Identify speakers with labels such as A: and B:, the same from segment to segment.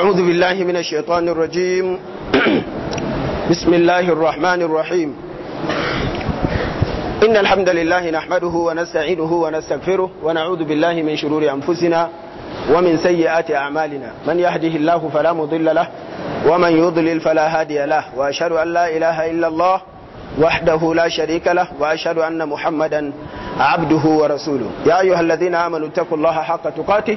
A: أعوذ بالله من الشيطان الرجيم بسم الله الرحمن الرحيم إن الحمد لله نحمده ونستعينه ونستغفره ونعوذ بالله من شرور أنفسنا ومن سيئات أعمالنا من يهده الله فلا مضل له ومن يضلل فلا هادي له وأشهد أن لا إله إلا الله وحده لا شريك له وأشهد أن محمدا عبده ورسوله يا أيها الذين آمنوا اتقوا الله حق تقاته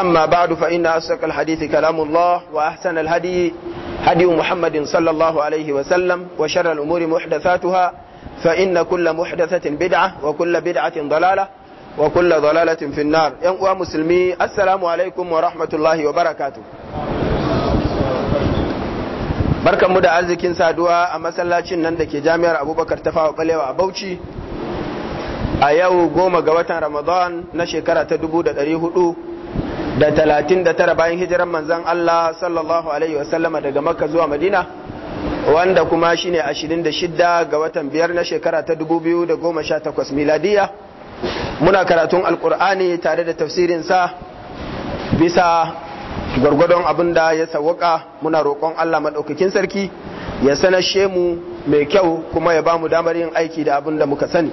A: أما بعد فإن أصدق الحديث كلام الله وأحسن الهدي هدي محمد صلى الله عليه وسلم وشر الأمور محدثاتها فإن كل محدثة بدعة وكل بدعة ضلالة وكل ضلالة في النار ينقوى مسلمي السلام عليكم ورحمة الله وبركاته barkan mu da arzikin saduwa a masallacin nan da ke jami'ar abubakar ta fawa balewa a bauchi a yau goma ga watan ramadan na shekara ta 1400 da talatin da tara bayan hijiran manzan Allah sallallahu alaihi wasallama daga makka zuwa madina wanda kuma shi ne ashirin da shidda ga watan biyar na shekara ta dubu biyu da goma sha takwas miladiya muna karatun alkur'ani tare da tafsirinsa bisa gwargwadon abin da ya sawwaka muna roƙon Allah maɗaukakin sarki ya sanashe mu mai kyau kuma ya ba mu damar yin aiki da abin da muka sani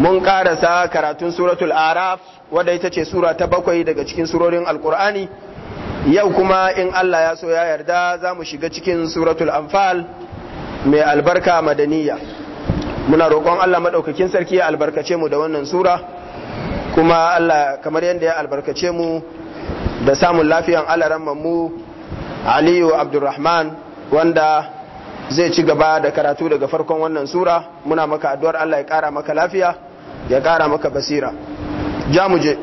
A: mun karasa karatun suratul araf wadda ita ce sura ta bakwai daga cikin surorin alkur'ani yau kuma in allah ya so ya yarda za mu shiga cikin suratul amfal mai albarka madaniya muna roƙon allah maɗaukakin sarki ya albarkace mu da wannan sura kuma allah kamar yadda ya albarkace mu da samun lafiyan ramman mu aliyu abdulrahman wanda zai ci gaba da karatu daga farkon wannan sura muna maka addu'ar allah ya kara maka lafiya ya kara maka basira ja mu je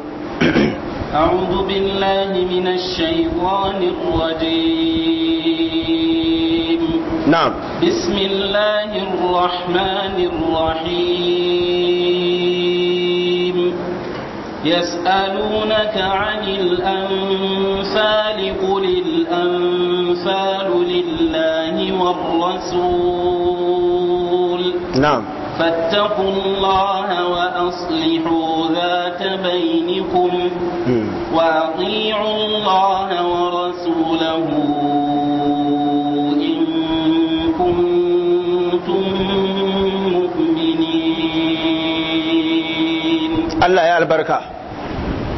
A: na'am
B: bismillahir rahmanir rahim yas'alunaka 'anil anfal lillahi war rasul na'am فاتقوا الله وأصلحوا ذات بينكم وأطيعوا الله ورسوله إن كنتم
A: مؤمنين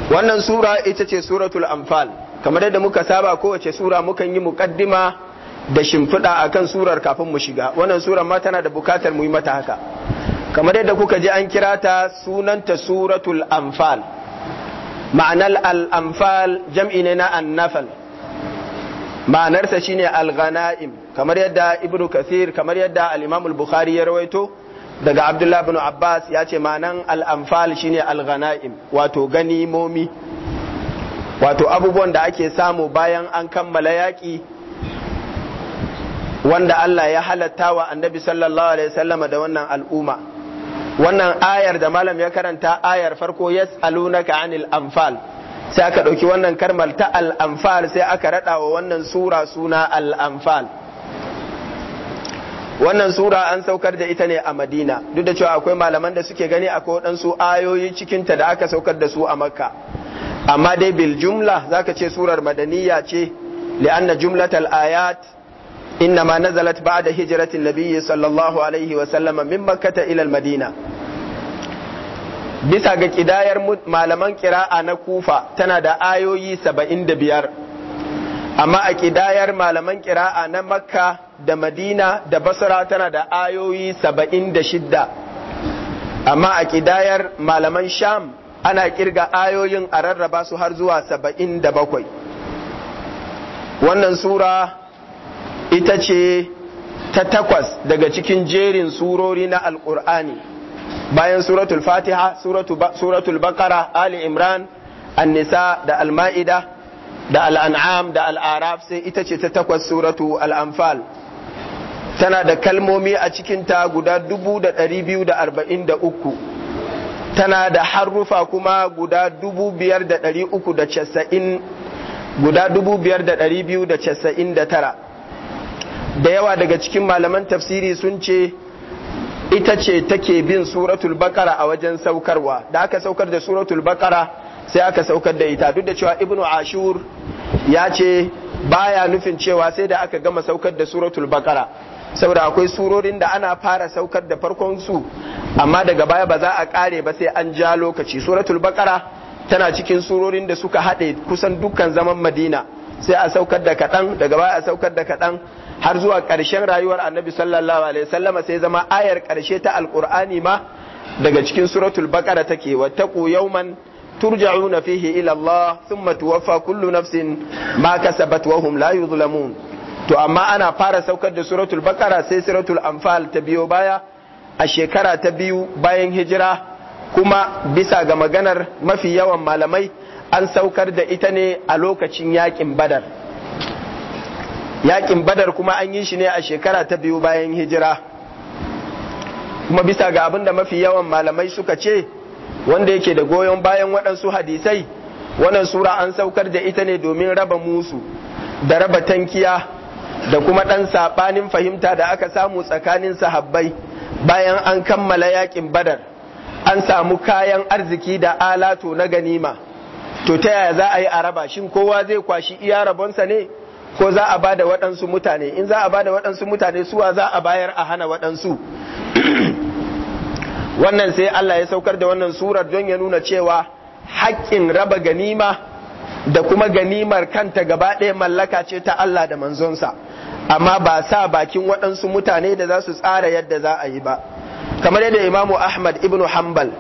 A: wannan sura ita ce suratul anfal kamar yadda muka saba kowace sura mukan yi muƙaddima da shimfiɗa akan surar kafin mu shiga wannan surar ma tana da bukatar mu yi mata haka kamar yadda kuka ji an kira ta sunanta suratul anfal ma'anar al-anfal jam'i ne na annafal ma'anarsa shine al-ghanaim kamar yadda ibnu kathir kamar yadda al-imam al-bukhari ya rawaito daga abdullah ibn abbas ya ce ma'anan al-anfal shine al-ghanaim wato ganimomi wato abubuwan da ake samu bayan an kammala yaƙi wanda Allah ya halatta wa annabi sallallahu alaihi wasallama da wannan al'umma wannan ayar da malam ya karanta ayar farko yas'alunaka anil anfal sai aka ɗauki wannan karmal ta al anfal sai aka raɗa wa wannan sura suna al al'amfal wannan sura an saukar da ita ne a madina duk da cewa akwai malaman da suke gani akwai waɗansu ayoyi cikinta da aka saukar da su a makka amma dai bil jumla za ce surar madaniya ce li'anna jumlatal ayat إنما نزلت بعد هجرة النبي صلى الله عليه وسلم من مكة إلى المدينة bisa ga kidayar malaman kira'a na kufa tana da ayoyi saba'in da biyar amma a kidayar malaman kira'a na makka da madina da basra tana da ayoyi saba'in da shidda amma a kidayar malaman sham ana kirga ayoyin a rarraba su har zuwa saba'in da bakwai wannan sura ita ce ta takwas daga cikin jerin surori na alkur'ani bayan suratul fatiha suratul bakara ali imran annisa da alma'ida da al'an'am da al'araf sai ita ce ta takwas suratu al'amfal tana da kalmomi a cikinta guda dubu da ɗari biyu da arba'in da uku tana da harufa kuma guda dubu biyar da ɗari uku da casa'in guda dubu biyar da ɗari biyu da casa'in da tara da yawa daga cikin malaman tafsiri sun ce ita ce take bin suratul bakara a wajen saukarwa da aka saukar da suratul bakara sai aka saukar da ita duk da cewa ibnu ashur ya ce baya nufin cewa sai da aka gama saukar da suratul bakara saboda akwai surorin da ana fara saukar da farkon su amma daga baya ba za a kare ba sai an ja lokaci suratul bakara tana cikin surorin da suka haɗe kusan dukkan zaman madina sai a saukar da kaɗan daga baya a saukar da kaɗan har zuwa ƙarshen rayuwar annabi sallallahu alaihi wasallama sai zama ayar ƙarshe ta alƙur'ani ma daga cikin suratul baqara take taqu yawman turja'una fihi ila Allah thumma tuwaffa kullu nafsin ma kasabat wa hum la yuzlamun to amma ana fara saukar da suratul baqara sai suratul anfal ta biyo baya a shekara ta biyu bayan hijira kuma bisa ga maganar mafi yawan malamai an saukar da ita ne a lokacin yakin badar yakin badar kuma an yi shi ne a shekara ta biyu bayan hijira kuma bisa ga abin da mafi yawan malamai suka ce wanda yake da goyon bayan waɗansu hadisai wannan sura an saukar da ita ne domin raba musu da raba tankiya da kuma ɗan saɓanin fahimta da aka samu tsakanin sahabbai bayan an kammala yakin badar an samu kayan arziki da alato na ganima to ta yaya za a yi a raba shin kowa zai kwashi iya rabonsa ne ko za a bada waɗansu mutane in za a bada waɗansu mutane suwa za a bayar a hana waɗansu wannan sai Allah ya saukar da wannan surar don ya nuna cewa haƙƙin raba ganima da kuma ganimar kanta gaba ɗaya mallaka ce ta Allah da manzonsa amma ba sa bakin waɗansu mutane da za su tsara yadda za a yi ba kamar yadda imamu ahmad ibnu hanbal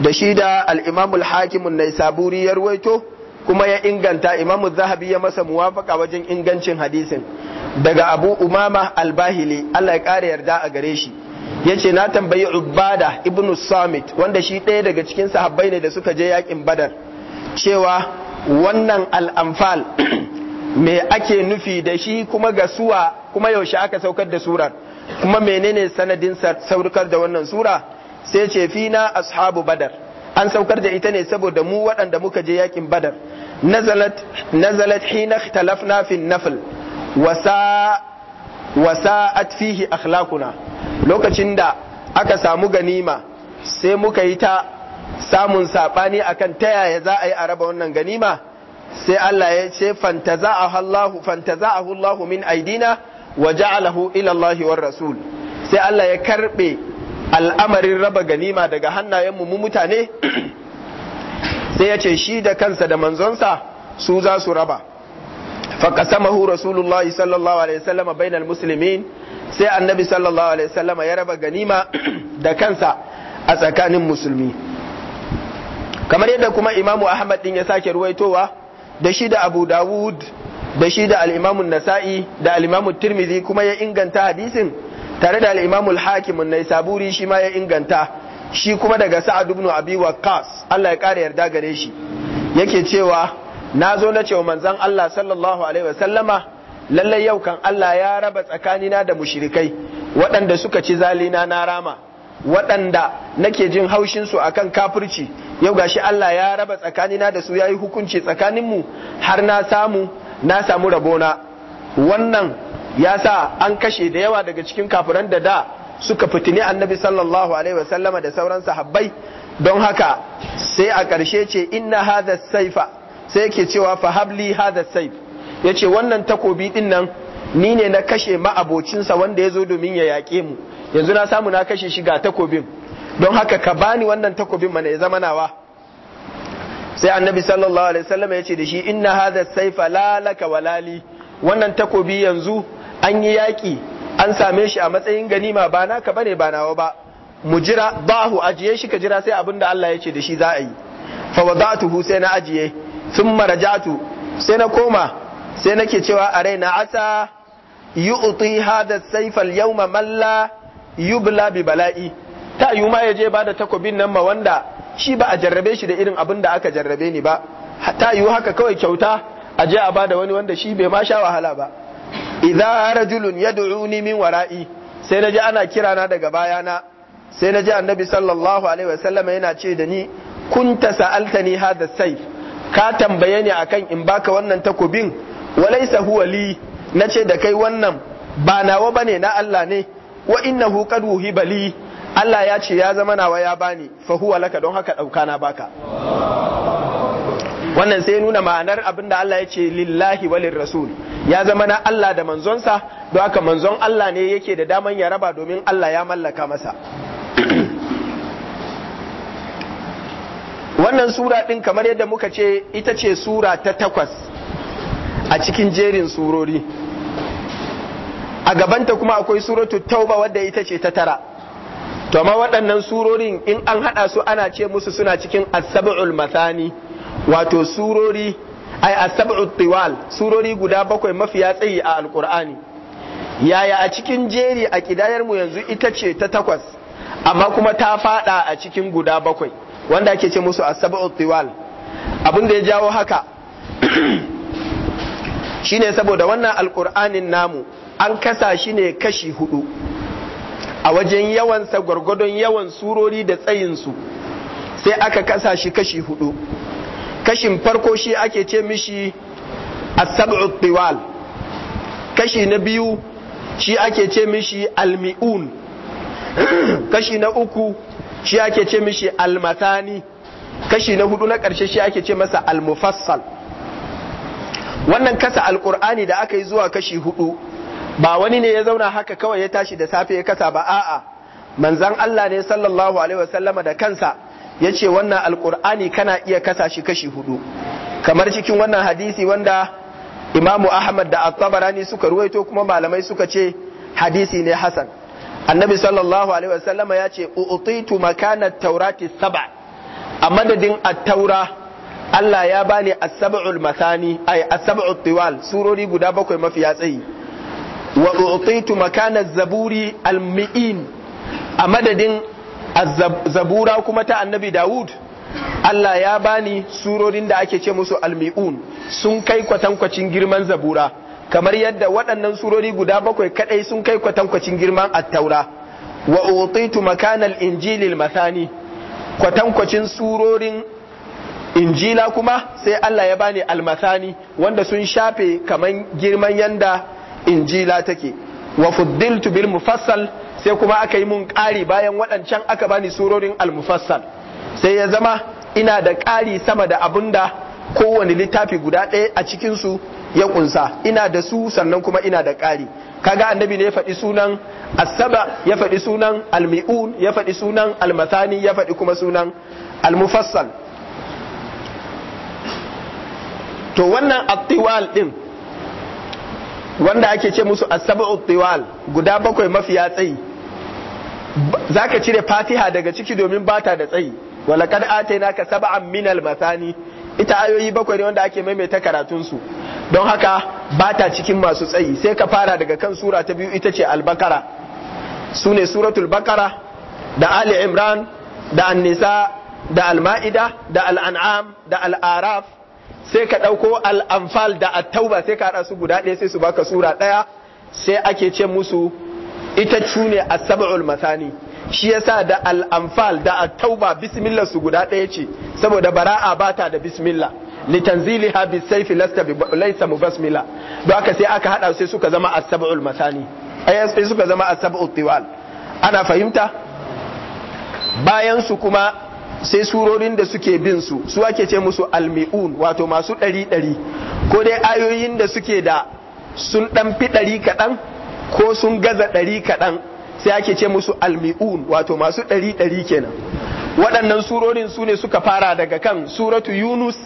A: da shi da al-imamul hakimun naisaburi ya ruwaito kuma ya inganta imamu zahabi ya masa muwafaka wajen ingancin hadisin daga abu umama albahili Allah ya ƙara yarda a gare shi ya ce na tambayi ubada ibn samit wanda shi ɗaya daga cikin sahabbai ne da suka je yakin badar cewa wannan al'amfal me ake nufi da shi kuma ga suwa kuma yaushe aka saukar da surar kuma menene sanadin saukar da wannan sura sai ce fina ashabu badar an saukar da ita ne saboda mu waɗanda muka je yakin badar nazalat nazalat hina talafna fi nafl wasa wasa'at fihi akhlaquna lokacin da aka samu ganima sai muka yi ta samun sabani akan ta yaya za a yi a raba wannan ganima sai Allah ya ce fantaza'ahu Allahu fantaza'ahu Allahu min aidina wa ja'alahu ila Allahi war rasul sai Allah ya karbe al'amarin raba ganima daga hannayen mu mutane sai ya ce shi da kansa da manzonsa su za su raba faqasamahu rasulullahi sallallahu alaihi wasallam bainal muslimin sai annabi sallallahu alaihi wasallam ya raba ganima da kansa a tsakanin musulmi kamar yadda kuma imamu ahmad din ya sake ruwaitowa da shi da abu dawud da shi da al'imamun nasa'i da al'imamun tirmidhi kuma ya inganta hadisin tare da al-Imam al-Hakim an shi ma ya inganta shi kuma daga Sa'ad ibn Abi Waqqas Allah ya kare yarda gare shi yake cewa na zo na cewa manzon Allah sallallahu alaihi wasallama lallai yau kan Allah ya raba tsakanina da mushrikai waɗanda suka ci zalina na rama waɗanda nake jin haushin su akan kafirci yau gashi Allah ya raba tsakanina da su yayi hukunci tsakaninmu har na samu na samu rabona wannan ya sa an kashe da yawa daga cikin kafiran da da suka fitini annabi sallallahu alaihi wa sallama da sauran sahabbai don haka sai a ƙarshe ce inna hadha saifa sai yake cewa fa habli hadha saif yace wannan takobi din nan ni ne na kashe ma'abocinsa wanda ya zo domin ya yaƙe mu yanzu na samu na kashe shi ga takobin don haka ka bani wannan takobin mana ya zama nawa sai annabi sallallahu alaihi wasallam ya ce da shi inna hadha saifa la walali wannan takobi yanzu an yi yaƙi an same shi a matsayin ganima ba naka bane ba nawa ba mu jira ba hu ajiye shi ka jira sai abin da Allah ya ce da shi za a yi fa wada'tuhu sai na ajiye sun mara jatu sai na koma sai nake cewa a raina asa yu'ti hada yau yawma malla yubla bi bala'i ta yi ma ya je ba da takobin nan ma wanda shi ba a jarrabe shi da irin abin da aka jarrabe ni ba ta yi haka kawai kyauta a je a ba da wani wanda shi bai ma sha wahala ba idza rajulun yad'uni min wara'i sai naji ana kira na daga na, sai naji annabi sallallahu alaihi wasallam yana ce da ni kunta sa'altani hadha sayf ka tambaye ni akan in baka wannan takobin walaysa huwa li nace da kai wannan ba nawa bane na Allah ne wa innahu qad wuhiba Allah ya ce ya zama nawa ya bani fa huwa laka don haka dauka na baka wannan sai nuna ma'anar abin da Allah ya ce lillahi walin rasul ya zama na Allah da manzonsa don haka manzon Allah ne yake da daman ya raba domin Allah ya mallaka masa wannan sura ɗin kamar yadda muka ce ita ce sura ta takwas a cikin jerin surori a gabanta kuma akwai suratu tauba wadda ita ce ta tara to amma waɗannan surorin in an haɗa su ana ce musu suna cikin asab'ul mathani wato surori ai asab'u tiwal surori guda bakwai mafiya tsayi a alqur'ani yaya a cikin jeri a kidayar mu yanzu ita ce ta takwas amma kuma ta fada a cikin guda bakwai wanda ake ce musu asab'u tiwal abin da ya jawo haka shine saboda wannan alqur'anin namu an kasa shi ne kashi hudu a wajen yawansa gwargwadon yawan surori da tsayinsu sai aka kasa shi kashi hudu kashin farko shi ake ce mishi as-sab'u tiwal kashi na biyu shi ake ce mishi almi'un kashi na uku shi ake ce mishi almatani kashi na hudu na ƙarshe shi ake ce masa almufassal wannan kasa alkur'ani da aka yi zuwa kashi hudu ba wani ne ya zauna haka kawai ya tashi da safe ya kasa ba a'a manzan Allah ne sallallahu alaihi wasallama da kansa ya ce wannan alkur'ani kana iya kasa shi kashi hudu kamar cikin wannan hadisi wanda imamu ahmad da at-tabarani suka ruwaito kuma malamai suka ce hadisi ne hasan annabi sallallahu alaihi wasallama ya ce u'titu makana taurati saba a madadin at-taura Allah ya bani as-sab'ul mathani ay as tiwal surori guda bakwai mafiya tsayi wa u'titu makana zaburi al-mi'in a madadin zabura kuma ta annabi Dawud Allah ya bani surorin da ake ce musu almi'un sun kai kwatankwacin girman zabura kamar yadda waɗannan surori guda bakwai kadai sun kai kwatankwacin girman attaura wa utitu makanal injilil mathani kwatankwacin surorin injila kuma sai Allah ya bani almathani wanda sun shafe kamar girman yanda injila take wa fuddiltu bil mufassal sai kuma aka yi mun ƙari bayan waɗancan aka bani surorin al-mufassal sai ya zama ina da ƙari sama da abin da kowane littafi guda ɗaya a cikinsu ya ƙunsa ina da su sannan kuma ina da ƙari kaga annabi ne ya faɗi sunan asaba ya faɗi sunan almi'un ya faɗi sunan almathani ya faɗi kuma sunan almufassal to wannan attiwal din wanda ake ce musu asaba'u tiwal guda bakwai mafiya tsayi za ka cire fatiha daga ciki domin ba ta da tsayi walakad ataina ka sab'an minal masani ita ayoyi bakwai ne wanda ake maimaita su don haka ba ta cikin masu tsayi sai ka fara daga kan sura ta biyu ita ce albakara su ne suratul bakara da ali imran da annisa da alma'ida da al'an'am da al'araf sai ka ɗauko al'amfal da attauba sai ka haɗa su guda ɗaya sai su baka sura ɗaya sai ake ce musu ita cune a sabul masani shi yasa da al-anfal da at-tauba bismillah su guda ɗaya ce saboda bara'a bata da bismillah litanziliha bisayf lasta bi laysa mubasmila don haka sai aka hada sai suka zama as-sab'ul masani sai suka zama as-sab'ul tiwal ana fahimta bayan su kuma sai surorin da suke bin su su ake ce musu al-mi'un wato masu ɗari ɗari ko dai ayoyin da suke da sun ɗan fi ɗari kaɗan ko sun gaza ɗari kaɗan sai ake ce musu almi'un wato masu ɗari ɗari kenan waɗannan surorin su ne suka fara daga kan suratu yunus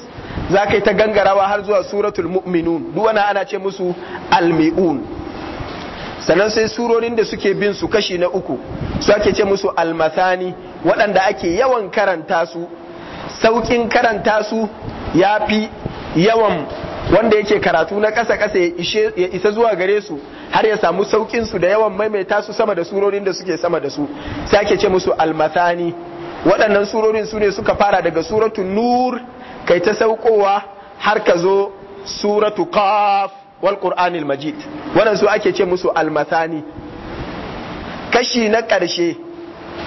A: za ka yi ta gangarawa har zuwa suratul mu'minun duwana ana ce musu almi'un sannan sai surorin da suke bin su kashi na uku su ake ce musu almasani waɗanda ake yawan karanta su sauƙin karanta su ya fi yawan wanda yake karatu na ƙasa ƙasa ya isa zuwa gare su har ya samu saukin su da yawan maimaita su sama da surorin da suke sama da su sai ake ce musu almathani waɗannan surorin su ne suka fara daga suratu nur kai ta saukowa har ka zo suratu qaf wal qur'anil majid waɗansu su ake ce musu almathani kashi na ƙarshe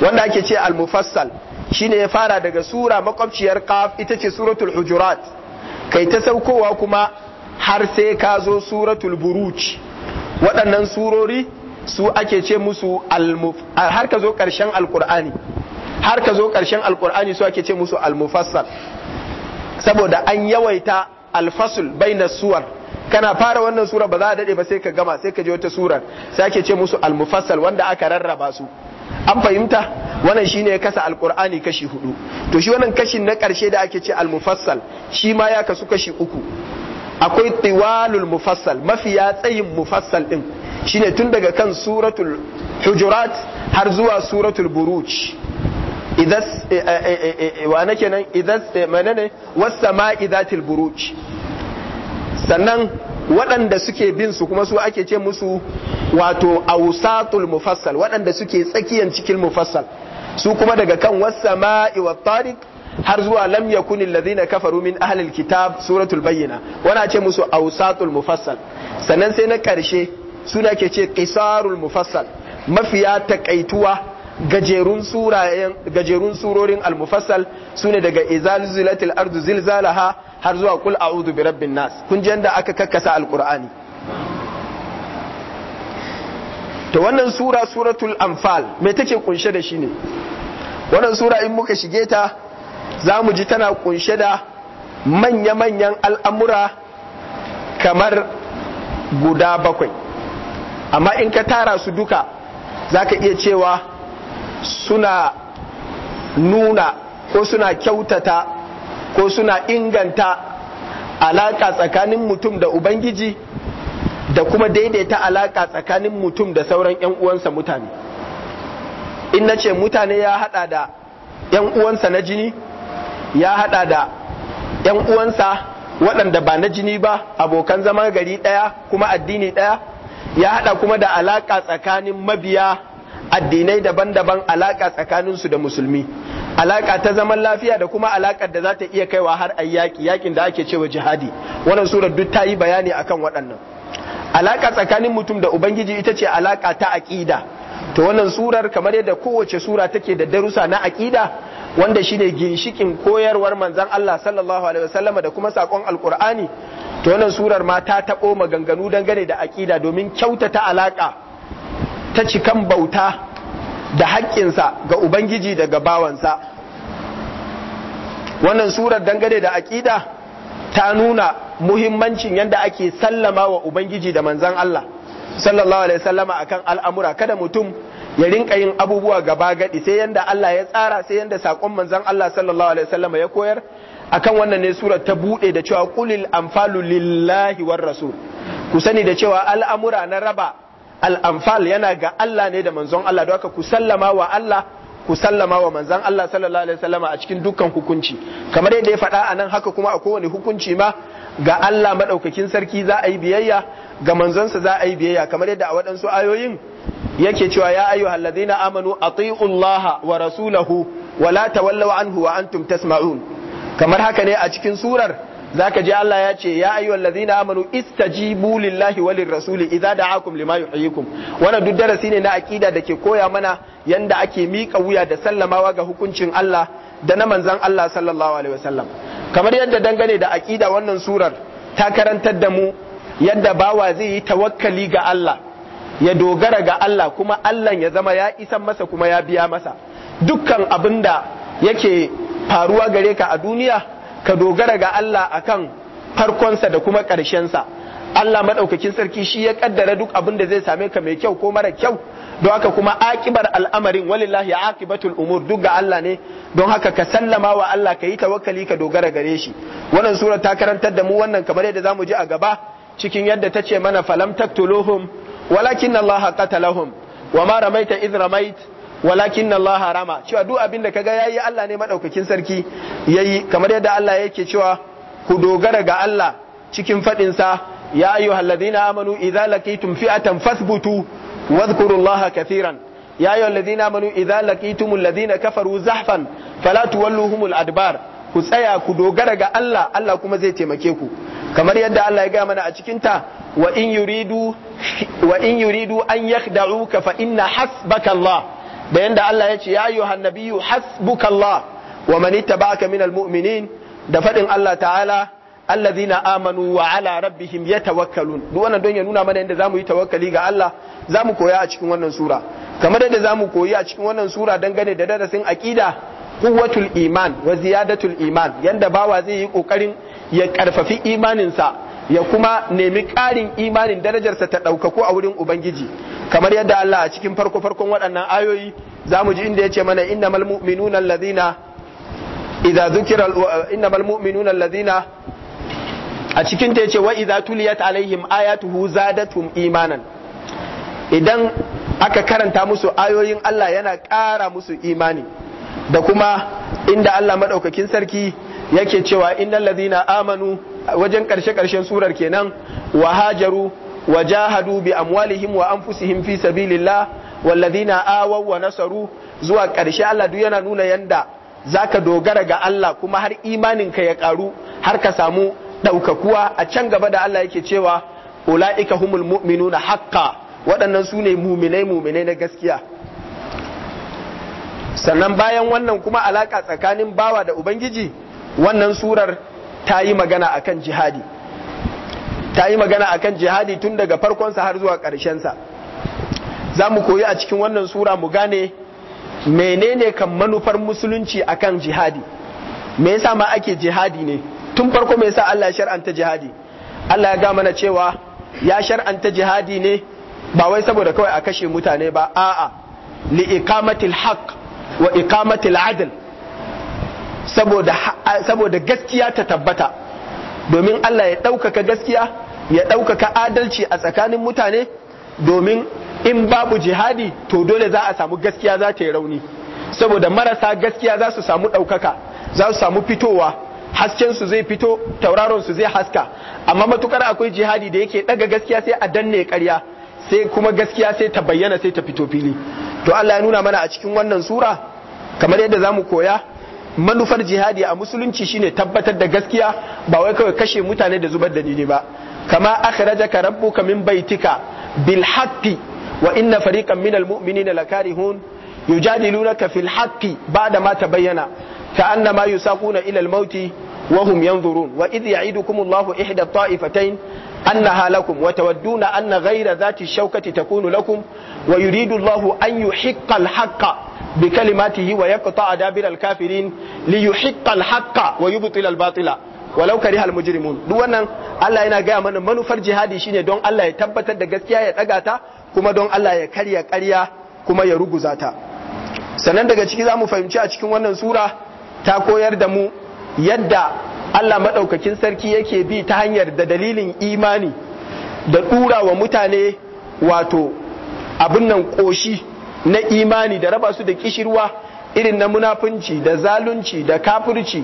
A: wanda ake ce almufassal shine ya fara daga sura makwabciyar qaf ita ce suratul hujurat kai ta saukowa kuma har sai ka zo suratul buruj waɗannan surori su ake ce musu har ka zo ƙarshen alkur'ani har ka zo ƙarshen su ake ce musu almufassal saboda an yawaita alfasul baina suwar kana fara wannan sura ba za a daɗe ba sai ka gama sai ka je wata surar sai ake ce musu almufassal wanda aka rarraba su an fahimta wannan shine ya kasa alqur'ani kashi hudu to shi wannan kashin na karshe da ake ce almufassal shi ma ya kasu kashi uku akwai tiwalul mufassal mafiya tsayin mufassal din shine tun daga kan suratul hujurat har zuwa suratul buruj idas e, e, e, wa nake nan idas manane wasama sama'i buruj sannan waɗanda suke bin su kuma su ake ce musu wato awsatul mufassal waɗanda suke tsakiyan cikin mufassal su kuma daga kan sama'i wa tariq har zuwa lam yakun alladhina kafaru min ahli alkitab suratul bayyina wana ce musu awsatul mufassal sannan sai na ƙarshe suna ke ce qisarul mufassal mafiya taƙaituwa gajerun surayen gajerun surorin almufassal sune daga izalzilatil ardu zilzalaha har zuwa kul a'udhu bi rabbin nas kun ji yanda aka kakkasa alqur'ani to wannan sura suratul anfal me take kunshe da shi ne wannan sura in muka shige ta za mu ji tana kunshe da manya-manyan al'amura kamar guda bakwai amma in ka tara su duka za ka iya cewa suna nuna ko suna kyautata ko suna inganta alaƙa tsakanin mutum da ubangiji da kuma daidaita alaƙa tsakanin mutum da sauran 'yan uwansa mutane in na ce mutane ya haɗa da 'yan uwansa na jini ya haɗa da 'yan uwansa waɗanda ba na jini ba abokan zama gari ɗaya kuma addini ɗaya ya haɗa kuma da alaƙa tsakanin mabiya addinai daban-daban alaƙa tsakaninsu da musulmi alaka ta zaman lafiya da kuma alakar da za ta iya kaiwa har a yaƙi yaƙin da ake cewa jihadi wannan surar duk ta yi bayani akan waɗannan alaka tsakanin mutum da ubangiji ita ce alaka ta aƙida to wannan surar kamar yadda kowace sura take da darusa na aƙida wanda shine ginshikin koyarwar manzon Allah sallallahu alaihi wasallam da kuma sakon alkur'ani to wannan surar ma ta taɓo maganganu dangane da aƙida domin kyautata alaka ta cikan bauta da haƙƙinsa ga ubangiji daga bawansa wannan surar dangane da aƙida ta nuna muhimmancin yadda ake sallama wa ubangiji da manzan Allah sallallahu alaihi sallama kan al'amura kada mutum ya rinka yin abubuwa gaba gadi sai yadda Allah ya tsara sai yadda saƙon manzan Allah sallallahu alaihi sallama ya koyar A kan wannan ne surar ta buɗe da cewa kulil amfalu lillahi war rasul ku sani da cewa al'amura na raba al al'amfal yana ga Allah ne da manzon Allah don haka ku sallama wa Allah ku sallama wa manzon Allah sallallahu alaihi wasallama a cikin dukkan hukunci kamar yadda ya faɗa a nan haka kuma a kowane hukunci ma ga Allah madaukakin sarki za a yi biyayya ga manzonsa za a yi biyayya kamar yadda a waɗansu ayoyin yake cewa ya ayu halladina amanu atiullaha wa rasulahu wa la tawallaw anhu wa antum tasma'un kamar haka ne a cikin surar zaka ji Allah ya ce ya ayyuhal allazina amanu istajibu lillahi walir rasuli idza da'akum lima yuhyikum wannan duk darasi ne na aqida dake koya mana yanda ake mika wuya da sallamawa ga hukuncin Allah da na manzon Allah sallallahu alaihi wasallam kamar yadda dangane da aqida wannan surar ta karantar da mu yadda bawa zai yi tawakkali ga Allah ya dogara ga Allah kuma Allah ya zama ya isan masa kuma ya biya masa dukkan abinda yake faruwa gare ka a duniya ka dogara ga Allah akan farkonsa da kuma ƙarshensa Allah maɗaukakin sarki shi ya ƙaddara duk abin da zai same ka mai kyau ko mara kyau don haka kuma akibar al'amarin walillahi akibatul umur duk ga Allah ne don haka ka sallama wa Allah ka yi tawakkali ka dogara gare shi wannan sura ta karantar da mu wannan kamar yadda zamu ji a gaba cikin yadda ta ce mana falam taktuluhum walakin Allah qatalahum wa ma ramaita idh ramait walakin Allah harama cewa duk abin da kaga yayi Allah ne madaukakin sarki yayi kamar yadda Allah yake cewa ku dogara ga Allah cikin fadin sa ya ayu ladina amanu idza laqitum fi'atan fasbutu wadhkurullaha kathiran ya ayu ladina amanu idza laqitum ladina kafaru zahfan fala tuwalluhum adbar ku tsaya ku dogara ga Allah Allah kuma zai taimake ku kamar yadda Allah ya gaya mana a cikin ta wa in yuridu wa in yuridu an yakhda'uka fa inna hasbaka Allah da yanda Allah ya ce ya ayyuha nabiyyu hasbukallah wa man ittaba'aka minal mu'minin da faɗin Allah ta'ala zina amanu wa ala rabbihim tawakkalun. duk wannan don ya nuna mana yanda zamu yi tawakkali ga Allah zamu koya a cikin wannan sura kamar yadda zamu koyi a cikin wannan sura dangane da darasin aqida quwwatul iman wa ziyadatul iman yanda bawa zai yi kokarin ya karfafi imaninsa ya kuma nemi ƙarin imanin darajarsa ta ɗaukako a wurin ubangiji kamar yadda Allah a cikin farko farkon waɗannan ayoyi za mu ji inda ya mana innamal mu'minuna alladhina idza a cikin ta yace wa idza tuliyat alaihim ayatuhu zadatum imanan idan aka karanta musu ayoyin Allah yana ƙara musu imani da kuma inda Allah madaukakin sarki yake cewa innal lazina amanu wajen karshe karshen surar kenan wa hajaru wa jahadu bi amwalihim wa anfusihim fi sabilillah walladhina awaw wa nasaru zuwa karshe Allah duk yana nuna yanda zaka dogara ga Allah kuma har imanin ka ya karu har ka samu daukakuwa a can gaba da Allah yake cewa ulaika humul mu'minuna haqqan waɗannan su ne muminai muminai na gaskiya sannan bayan wannan kuma alaka tsakanin bawa da ubangiji wannan surar ta yi magana akan jihadi ta yi magana akan jihadi tun daga farkonsa har zuwa ƙarshensa za mu koyi a cikin wannan sura mu gane menene kan manufar musulunci akan jihadi me yasa ma ake jihadi ne tun farko me sa Allah ya shar'anta jihadi Allah ya ga mana cewa ya shar'anta jihadi ne ba wai saboda kawai a kashe mutane ba a'a li iqamatil haqq wa iqamatil adl saboda gaskiya ta tabbata domin Allah ya ɗaukaka gaskiya ya ɗaukaka adalci a tsakanin mutane domin in babu jihadi to dole za a samu gaskiya za ta yi rauni saboda marasa gaskiya za su samu ɗaukaka za su samu fitowa hasken su zai fito tauraron su zai haska amma matukar akwai jihadi da yake ɗaga gaskiya sai a danne ƙarya sai kuma gaskiya sai ta bayyana sai ta fito fili to Allah ya nuna mana a cikin wannan sura kamar yadda za mu koya manufar jihadi a musulunci shine tabbatar da gaskiya ba wai kawai kashe mutane da zubar da jini ba kama akhrajaka rabbuka min baitika bil haqqi wa inna fariqan minal mu'minina lakarihun yujadilunaka fil haqqi ba'da ma tabayyana ka'annama yusaquna ila al mauti wa hum yanzurun wa idh ya'idukumullahu ihda ta'ifatayn أنها لكم وتودون أن غير ذات الشوكة تكون لكم ويريد الله أن يحق الحق bi kalimatihi wa yaqta a al kafirin li yuhiqqa al haqqa wa batila walau kariha al duk wannan Allah yana gaya mana manufar jihadi shine don Allah ya tabbatar da gaskiya ya daga ta kuma don Allah ya karya karya kuma ya ruguza ta sannan daga ciki za mu fahimci a cikin wannan sura ta koyar da mu yadda Allah maɗaukakin sarki yake bi ta hanyar da dalilin imani da durawa wa mutane wato abin nan koshi. na imani da raba su da kishirwa irin na munafunci da zalunci da kafurci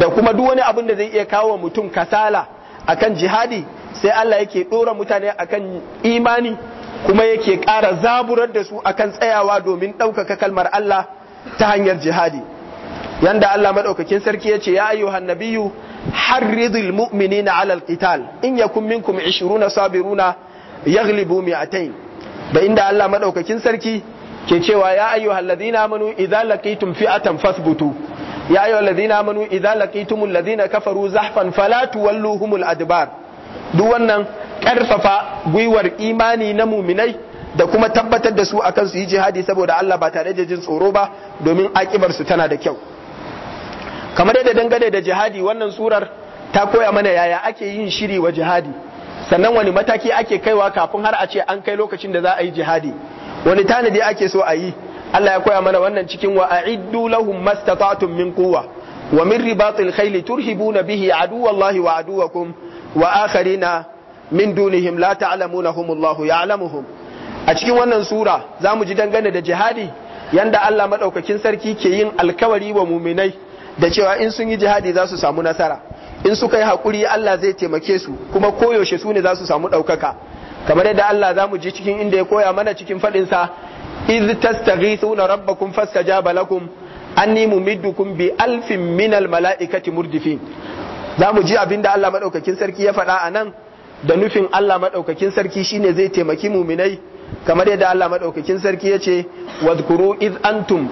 A: da kuma duk wani abin da zai iya kawo mutum kasala akan jihadi sai Allah yake ɗora mutane akan imani kuma yake ƙara zaburar da su akan tsayawa domin ɗaukaka kalmar Allah ta hanyar jihadi yanda Allah madaukakin sarki yace ya ayyuhan hannabiyu harridil mu'minina alal qital in yakum minkum 20 sabiruna yaghlibu mi'atayn da inda Allah madaukakin sarki ke cewa ya ayyuhal halladina manu idza laqitum fi'atan fasbutu ya ayyuhal halladina manu idza laqitum alladina kafaru zahfan fala tuwalluhumul adbar duk wannan karfafa gwiwar imani na muminai da kuma tabbatar da su akan su yi jihadi saboda Allah ba tare da jin tsoro ba domin akibar su tana da kyau kamar yadda dangane da jihadi wannan surar ta koya mana yaya ake yin shiri wa jihadi sannan wani mataki ake kaiwa kafin har a ce an kai lokacin da za a yi jihadi wani tanadi ake so a yi Allah ya koya mana wannan cikin wa a'iddu lahum mastata'tum min quwwa wa min ribatil khayl turhibuna bihi aduwallahi wa aduwakum wa akharina min dunihim la ta'lamunahum Allahu ya'lamuhum a cikin wannan sura za mu ji dangane da jihadi yanda Allah madaukakin sarki ke yin alkawari wa muminai da cewa in sun yi jihadi za su samu nasara in suka yi hakuri Allah zai taimake su kuma koyaushe su ne za su samu ɗaukaka kamar yadda Allah za mu ji cikin inda ya koya mana cikin sa iz tastaghithuna rabbakum fastajaba lakum anni mumiddukum bi alfin minal mala'ikati murdifin za mu ji abin Allah maɗaukakin sarki ya faɗa a nan da nufin Allah maɗaukakin sarki shine zai taimaki muminai kamar yadda Allah maɗaukakin sarki ya ce wadhkuru iz antum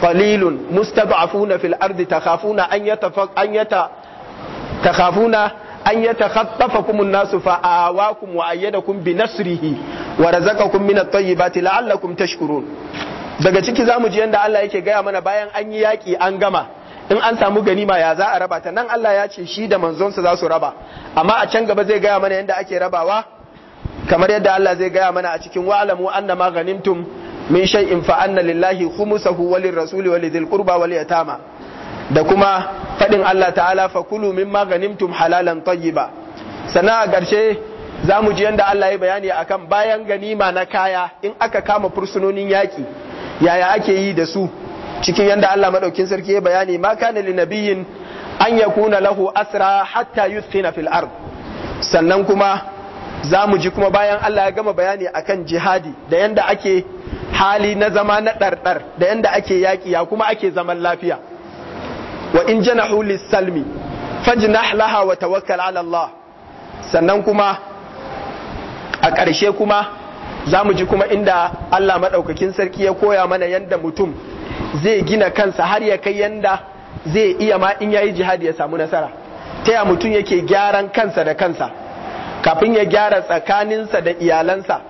A: qalilun mustad'afuna fil ardi takhafuna an an yata takhafuna an yatakhaffafakum an-nasu fa awakum wa ayyadakum bi nasrihi wa razaqakum min at-tayyibati la'allakum tashkurun daga ciki zamu ji yanda Allah yake gaya mana bayan an yi yaki an gama in an samu ganima ya za a raba ta nan Allah ya ce shi da manzonsa za su raba amma a can gaba zai gaya mana yanda ake rabawa kamar yadda Allah zai gaya mana a cikin wa'alamu ma ghanimtum min shay'in fa anna lillahi khumsahu walirrasuli walidhil qurba walyatama da kuma faɗin Allah ta'ala fakulu min ganimtum halalan tayyiba sana a ƙarshe za mu ji yadda Allah ya bayani akan bayan ganima na kaya in aka kama fursunonin yaƙi yaya ake yi da su cikin yadda Allah maɗaukin sarki ya bayani ma kana li nabiyyin an yakuna lahu asra hatta yuthina fil ard sannan kuma za mu ji kuma bayan Allah ya gama bayani akan jihadi da yadda ake hali na zama na ɗarɗar da yadda ake yaƙi ya kuma ake zaman lafiya wa in janahu lis-salmi fajnah laha wa tawakkal ala Allah sannan kuma a ƙarshe kuma za mu ji kuma inda Allah maɗaukakin sarki ya koya mana yadda mutum zai gina kansa har ya kai yanda zai iya ma in yayi jihadi ya samu nasara ta ya mutum yake gyaran kansa da kansa kafin ya gyara tsakaninsa da iyalansa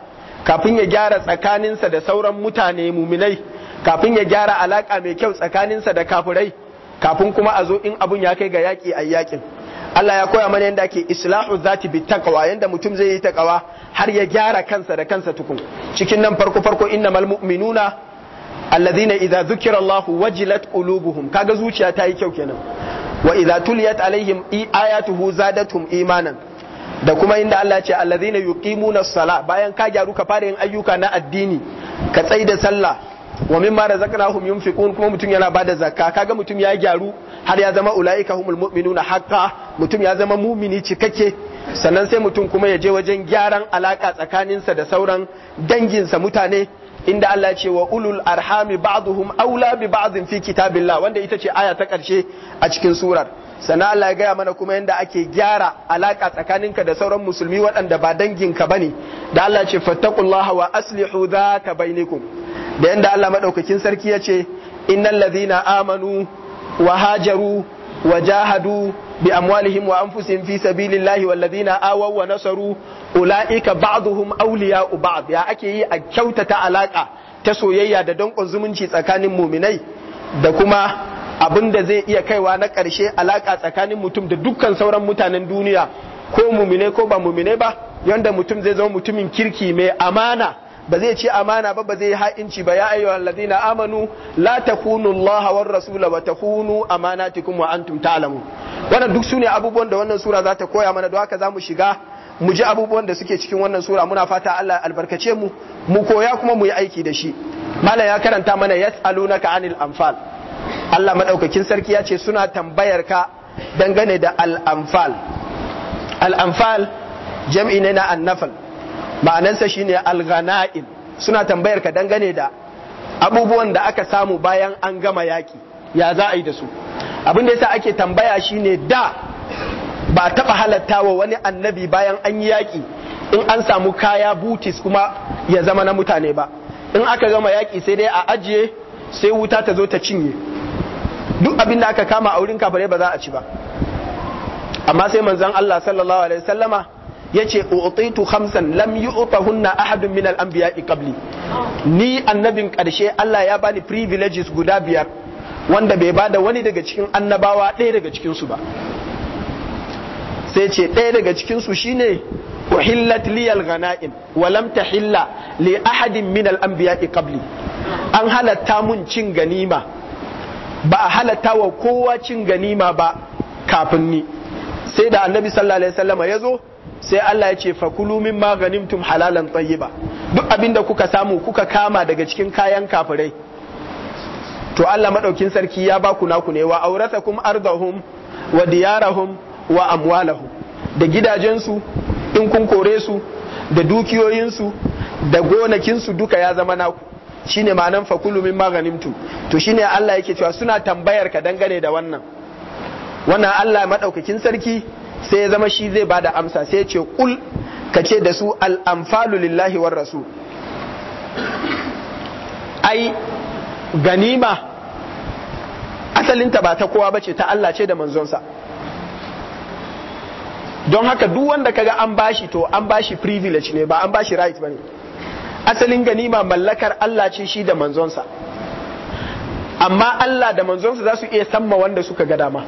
A: kafin ya gyara tsakaninsa da sauran mutane muminai kafin ya gyara alaka mai kyau tsakaninsa da kafurai kafin kuma a zo in abun ya kai ga yaƙi a yaƙin Allah ya koya mana yadda ke islahu zati bi taqwa yadda mutum zai yi taqwa har ya gyara kansa da kansa tukun cikin nan farko farko innamal mu'minuna alladhina idza dhukira Allah wajilat qulubuhum kaga zuciya ta yi kyau kenan wa idza tuliyat alaihim ayatuhu zadatuhum imanan da kuma inda Allah ya ce alladhina yuqimuna sala bayan ka gyaru ka fara yin ayyuka na addini ka tsaida sallah wa mimma razaqnahum yunfiqun kuma mutum yana bada zakka kaga mutum ya gyaru har ya zama ulaika humul mu'minuna haqqan mutum ya zama mumini cikakke sannan sai mutum kuma ya je wajen gyaran alaka tsakaninsa da sauran danginsa mutane inda Allah ce wa ulul arhami ba'dhum aula bi ba'dhin fi kitabillah wanda ita ce aya ta karshe a cikin surar sannan Allah ya gaya mana kuma yadda ake gyara alaka tsakaninka da sauran musulmi waɗanda ba danginka bane da Allah ce fattaqullaha wa aslihu dhaka bainakum da yanda Allah madaukakin sarki ya ce innal ladhina amanu wa hajaru wa jahadu bi amwalihim wa anfusihim fi sabilillahi wal ladhina awaw wa nasaru ulaika ba'dhum awliya ba'd ya ake yi a kyautata alaka ta soyayya da dankon zumunci tsakanin muminai da kuma abin da zai iya kaiwa na karshe alaka tsakanin mutum da dukkan sauran mutanen duniya ko muminai ko ba muminai ba yanda mutum zai zama mutumin kirki mai amana ba zai ci amana ba ba zai ha'inci ba ya ayyuha alladhina amanu la takunu Allah war rasula wa takunu amanatikum wa antum ta'lamu wannan duk sune abubuwan da wannan sura za ta koya mana don haka zamu shiga mu ji abubuwan da suke cikin wannan sura muna fata Allah albarkace mu mu koya kuma mu yi aiki da shi malam ya karanta mana yas'alunaka anil anfal Allah madaukakin sarki ya ce suna tambayar ka dangane da al-anfal al-anfal jam'i ne na ma'anansa shine al alghana'in suna tambayar ka dangane da abubuwan da aka samu bayan an gama yaki ya za a yi da su abin da yasa ake tambaya shi ne da ba taɓa halatta wa wani annabi bayan an yi yaki in an samu kaya butis kuma ya zama na mutane ba in aka gama yaki sai dai a ajiye sai wuta ta zo ta cinye duk abin da aka kama a wurin kafare ba za a ci ba amma sai manzon Allah sallallahu alaihi wasallama yace utaitu khamsan lam yu'tahunna ahadun min al-anbiya'i qabli ni annabin karshe Allah ya bani privileges guda biyar wanda bai bada wani daga cikin annabawa ɗaya daga cikin su ba sai ce ɗaya daga cikin su shine uhillat li al-ghanaim wa lam tahilla li ahadin min al-anbiya'i qabli an halatta mun cin ganima ba a halatta wa kowa cin ganima ba kafin ni sai da annabi sallallahu alaihi wasallam ya zo sai Allah ya ce fakulu min maganimtum halalan tayyiba duk abinda kuka samu kuka kama daga cikin kayan kafirai to Allah maɗaukin sarki ya baku naku ne wa auratakum ardahum wa diyarahum wa amwalahum da gidajensu in kun kore su da dukiyoyinsu da gonakinsu duka ya zama naku shine ma'anan fakulu min maganimtum to shine Allah yake cewa suna tambayar ka dangane da wannan wannan Allah madaukakin sarki sai ya zama shi zai bada amsa sai ya ce kul ka ce da su al'amfalu lillahi war rasu ai ganima asalinta ba ta kowa ba ce ta Allah ce da manzonsa don haka duk wanda kaga an bashi to an bashi privilege ne ba an bashi right ba ne asalin ganima mallakar Allah ce shi da manzonsa amma Allah da manzonsa za su iya samma wanda suka ga dama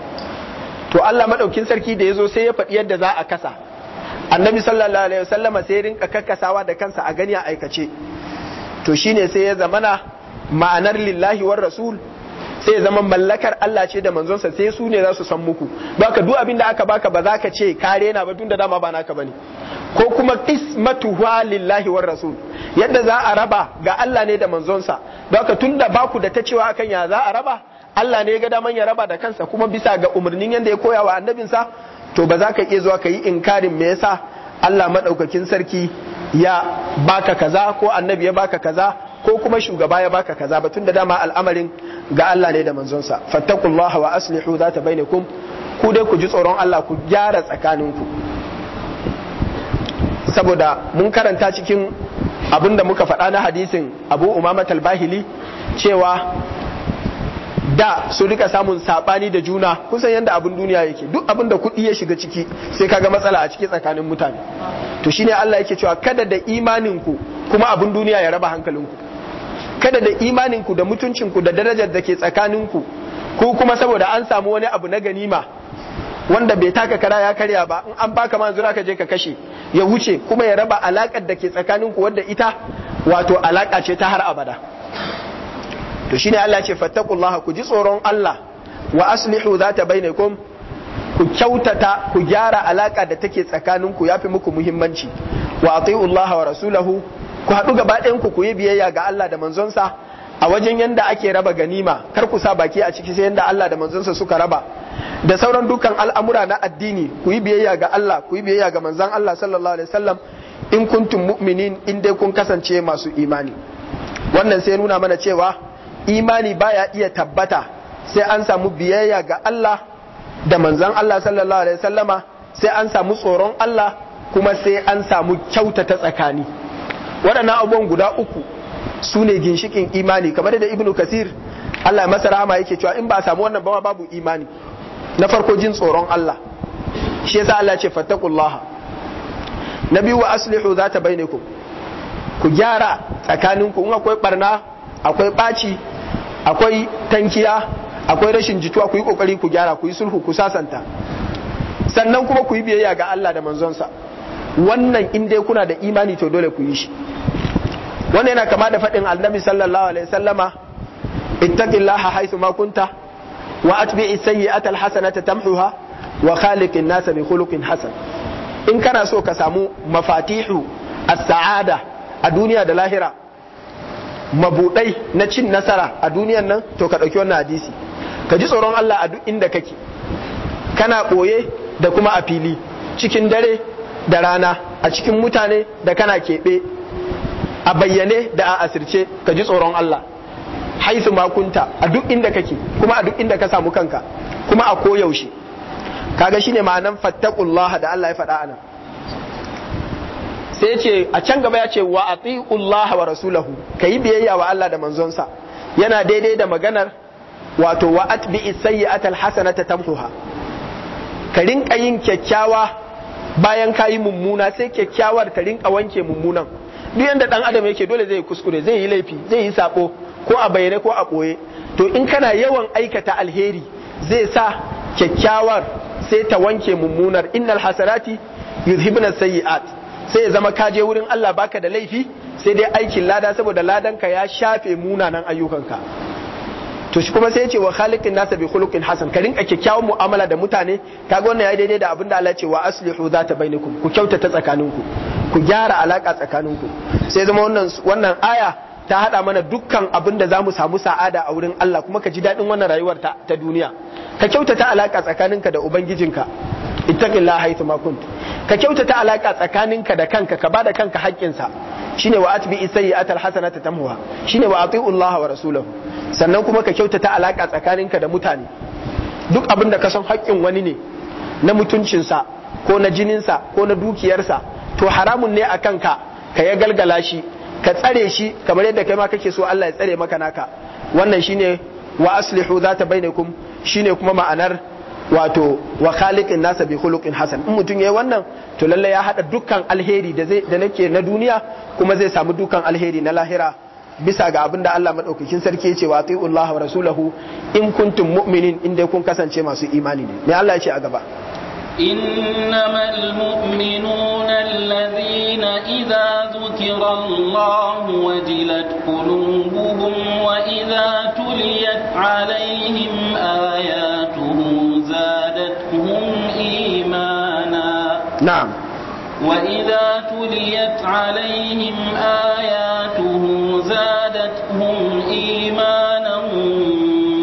A: to Allah madaukin sarki da ya zo sai ya faɗi yadda za a kasa annabi sallallahu alaihi wasallama sai rinka kakkasawa da kansa a gani a aikace to shine sai ya zamana ma'anar lillahi war rasul sai zama mallakar Allah ce da manzonsa sai su ne za su san muku baka duk abin da aka baka ba za ka ce ka rena ba tunda dama ba naka bane ko kuma qismatu lillahi war rasul yadda za a raba ga Allah ne da manzonsa baka tunda baku da ta cewa akan ya za a raba Allah ne ya ga daman ya raba da kansa kuma bisa ga umarnin yadda ya koya wa annabinsa to ba za ka iya zuwa ka yi inkarin me yasa Allah maɗaukakin sarki ya baka kaza ko annabi ya baka kaza ko kuma shugaba ya baka kaza ba tunda dama al'amarin ga Allah ne da manzonsa fattakullaha wa aslihu zata bainakum ku dai ku ji tsoron Allah ku gyara tsakaninku saboda mun karanta cikin abinda muka faɗa na hadisin Abu Umama Talbahili cewa da su rika samun sabani da juna kusan yadda abin duniya yake duk abin da kuɗi ya shiga ciki sai kaga matsala a ciki tsakanin mutane to shine Allah yake cewa kada da imaninku ku kuma abin duniya ya raba hankalinku kada da imanin ku da mutuncin ku da darajar da ke tsakanin ku ku kuma saboda an samu wani abu na ganima wanda bai taka kara ya karya ba in an baka zura ka je ka kashe ya wuce kuma ya raba alakar da ke tsakanin ku wadda ita wato alaka ce ta har abada to shine Allah ce fattakullaha ku ji tsoron Allah wa aslihu zata bainakum ku kyautata ku gyara alaka da take tsakanin ku yafi muku muhimmanci wa atiullaha wa rasulahu ku haɗu gaba ɗayan ku ku yi biyayya ga Allah da manzonsa a wajen yanda ake raba ganima kar ku sa baki a ciki sai yanda Allah da manzonsa suka raba da sauran dukan al'amura na addini ku yi biyayya ga Allah ku yi biyayya ga manzon Allah sallallahu alaihi wasallam in kuntum mu'minin in dai kun kasance masu imani wannan sai nuna mana cewa imani baya iya tabbata sai an samu biyayya ga Allah da manzon Allah sallallahu alaihi wasallama sai an samu tsoron Allah kuma sai an samu kyauta ta tsakani waɗannan abubuwan guda uku su ne ginshikin imani kamar da ibnu kasir Allah masa rahama yake cewa in ba a samu wannan ba babu imani na farko jin tsoron Allah shi yasa Allah ce fattakullaha na biyu wa aslihu za ta bainakum ku gyara tsakaninku in akwai barna akwai ɓaci akwai tankiya akwai rashin jituwa ku yi kokari ku gyara ku yi sulhu ku sasanta sannan kuma ku yi biyayya ga Allah da manzonsa wannan in dai kuna da imani to dole ku yi shi wannan yana kama da faɗin annabi sallallahu alaihi sallama ittaqillaha haythu ma kunta wa atbi'i sayyi'ata alhasanata tamhuha wa khaliqin nasa bi khuluqin hasan in kana so ka samu mafatihu as-sa'ada a duniya da lahira mabudai na cin nasara a duniyan nan to ka ɗauki wannan hadisi ka ji tsoron Allah a duk inda kake kana ɓoye da kuma a fili cikin dare da rana a cikin mutane da kana keɓe a bayyane da a asirce ka ji tsoron Allah haisu makunta a duk inda kake kuma a duk inda ka samu kanka kuma a koyaushe kaga shine ma'anan fattakullaha da Allah ya faɗa anan sai ya ce a can gaba ya ce wa atiullah wa rasulahu yi biyayya wa Allah da manzonsa yana daidai da maganar wato wa Hassana ta alhasanata tamhuha ka rinka yin kyakkyawa bayan ka yi mummuna sai kyakkyawar ka rinka wanke mummunan duk yanda dan adam yake dole zai kuskure zai yi laifi zai yi sako ko a bayyane ko a koye to in kana yawan aikata alheri zai sa kyakkyawar sai ta wanke mummunar innal hasanati yuzhibna sayi'at sai ya zama ka je wurin Allah baka da laifi sai dai aikin lada saboda ladan ka ya shafe munanan ayyukanka to shi kuma sai ya ce wa khaliqin nasa bi khuluqin hasan ka rinka kyakkyawan mu'amala da mutane kaga wannan yayi daidai da abin da Allah ya ce wa aslihu zata bainakum ku kyautata tsakaninku ku gyara alaka tsakaninku sai zama wannan wannan aya ta hada mana dukkan abin da zamu samu sa'ada a wurin Allah kuma ka ji dadin wannan rayuwar ta, ta duniya ka kyautata alaka tsakaninka da ubangijinka ittaqillah haythu ma kunt ka kyautata alaka tsakaninka da kanka ka bada kanka sa shine wa atbi sayyi'atal hasanata tamhuha shine wa atiullaha wa rasulahu sannan kuma ka kyautata alaka tsakaninka da mutane duk abin da ka san haƙƙin wani ne na mutuncinsa ko na jininsa ko na dukiyarsa to haramun ne a kanka ka ya galgala shi ka tsare shi kamar yadda kai ma kake so Allah ya tsare maka naka wannan shine wa aslihu zata bainakum shine kuma ma'anar wato wa khaliqin nasa bi khuluqin hasan in mutum yayi wannan to lalle ya hada dukkan alheri da zai da nake na duniya kuma zai samu dukkan alheri na lahira bisa ga abinda Allah madaukakin sarki ya ce wa Allah wa rasulahu in kuntum mu'minin inda dai kun kasance masu imani ne me Allah ya ce a gaba
B: إنما المؤمنون الذين إذا ذكر الله وجلت قلوبهم وإذا تليت عليهم نعم وإذا تليت عليهم آياته زادتهم إيمانا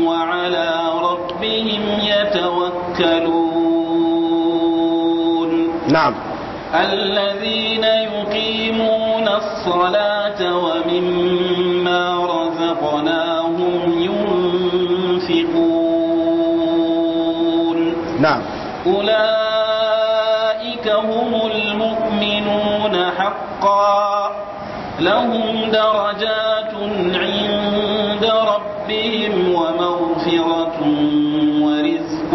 B: وعلى ربهم يتوكلون نعم الذين يقيمون الصلاة ومما رزقناهم ينفقون نعم أولئك حقا لهم درجات عند ربهم ومغفرة ورزق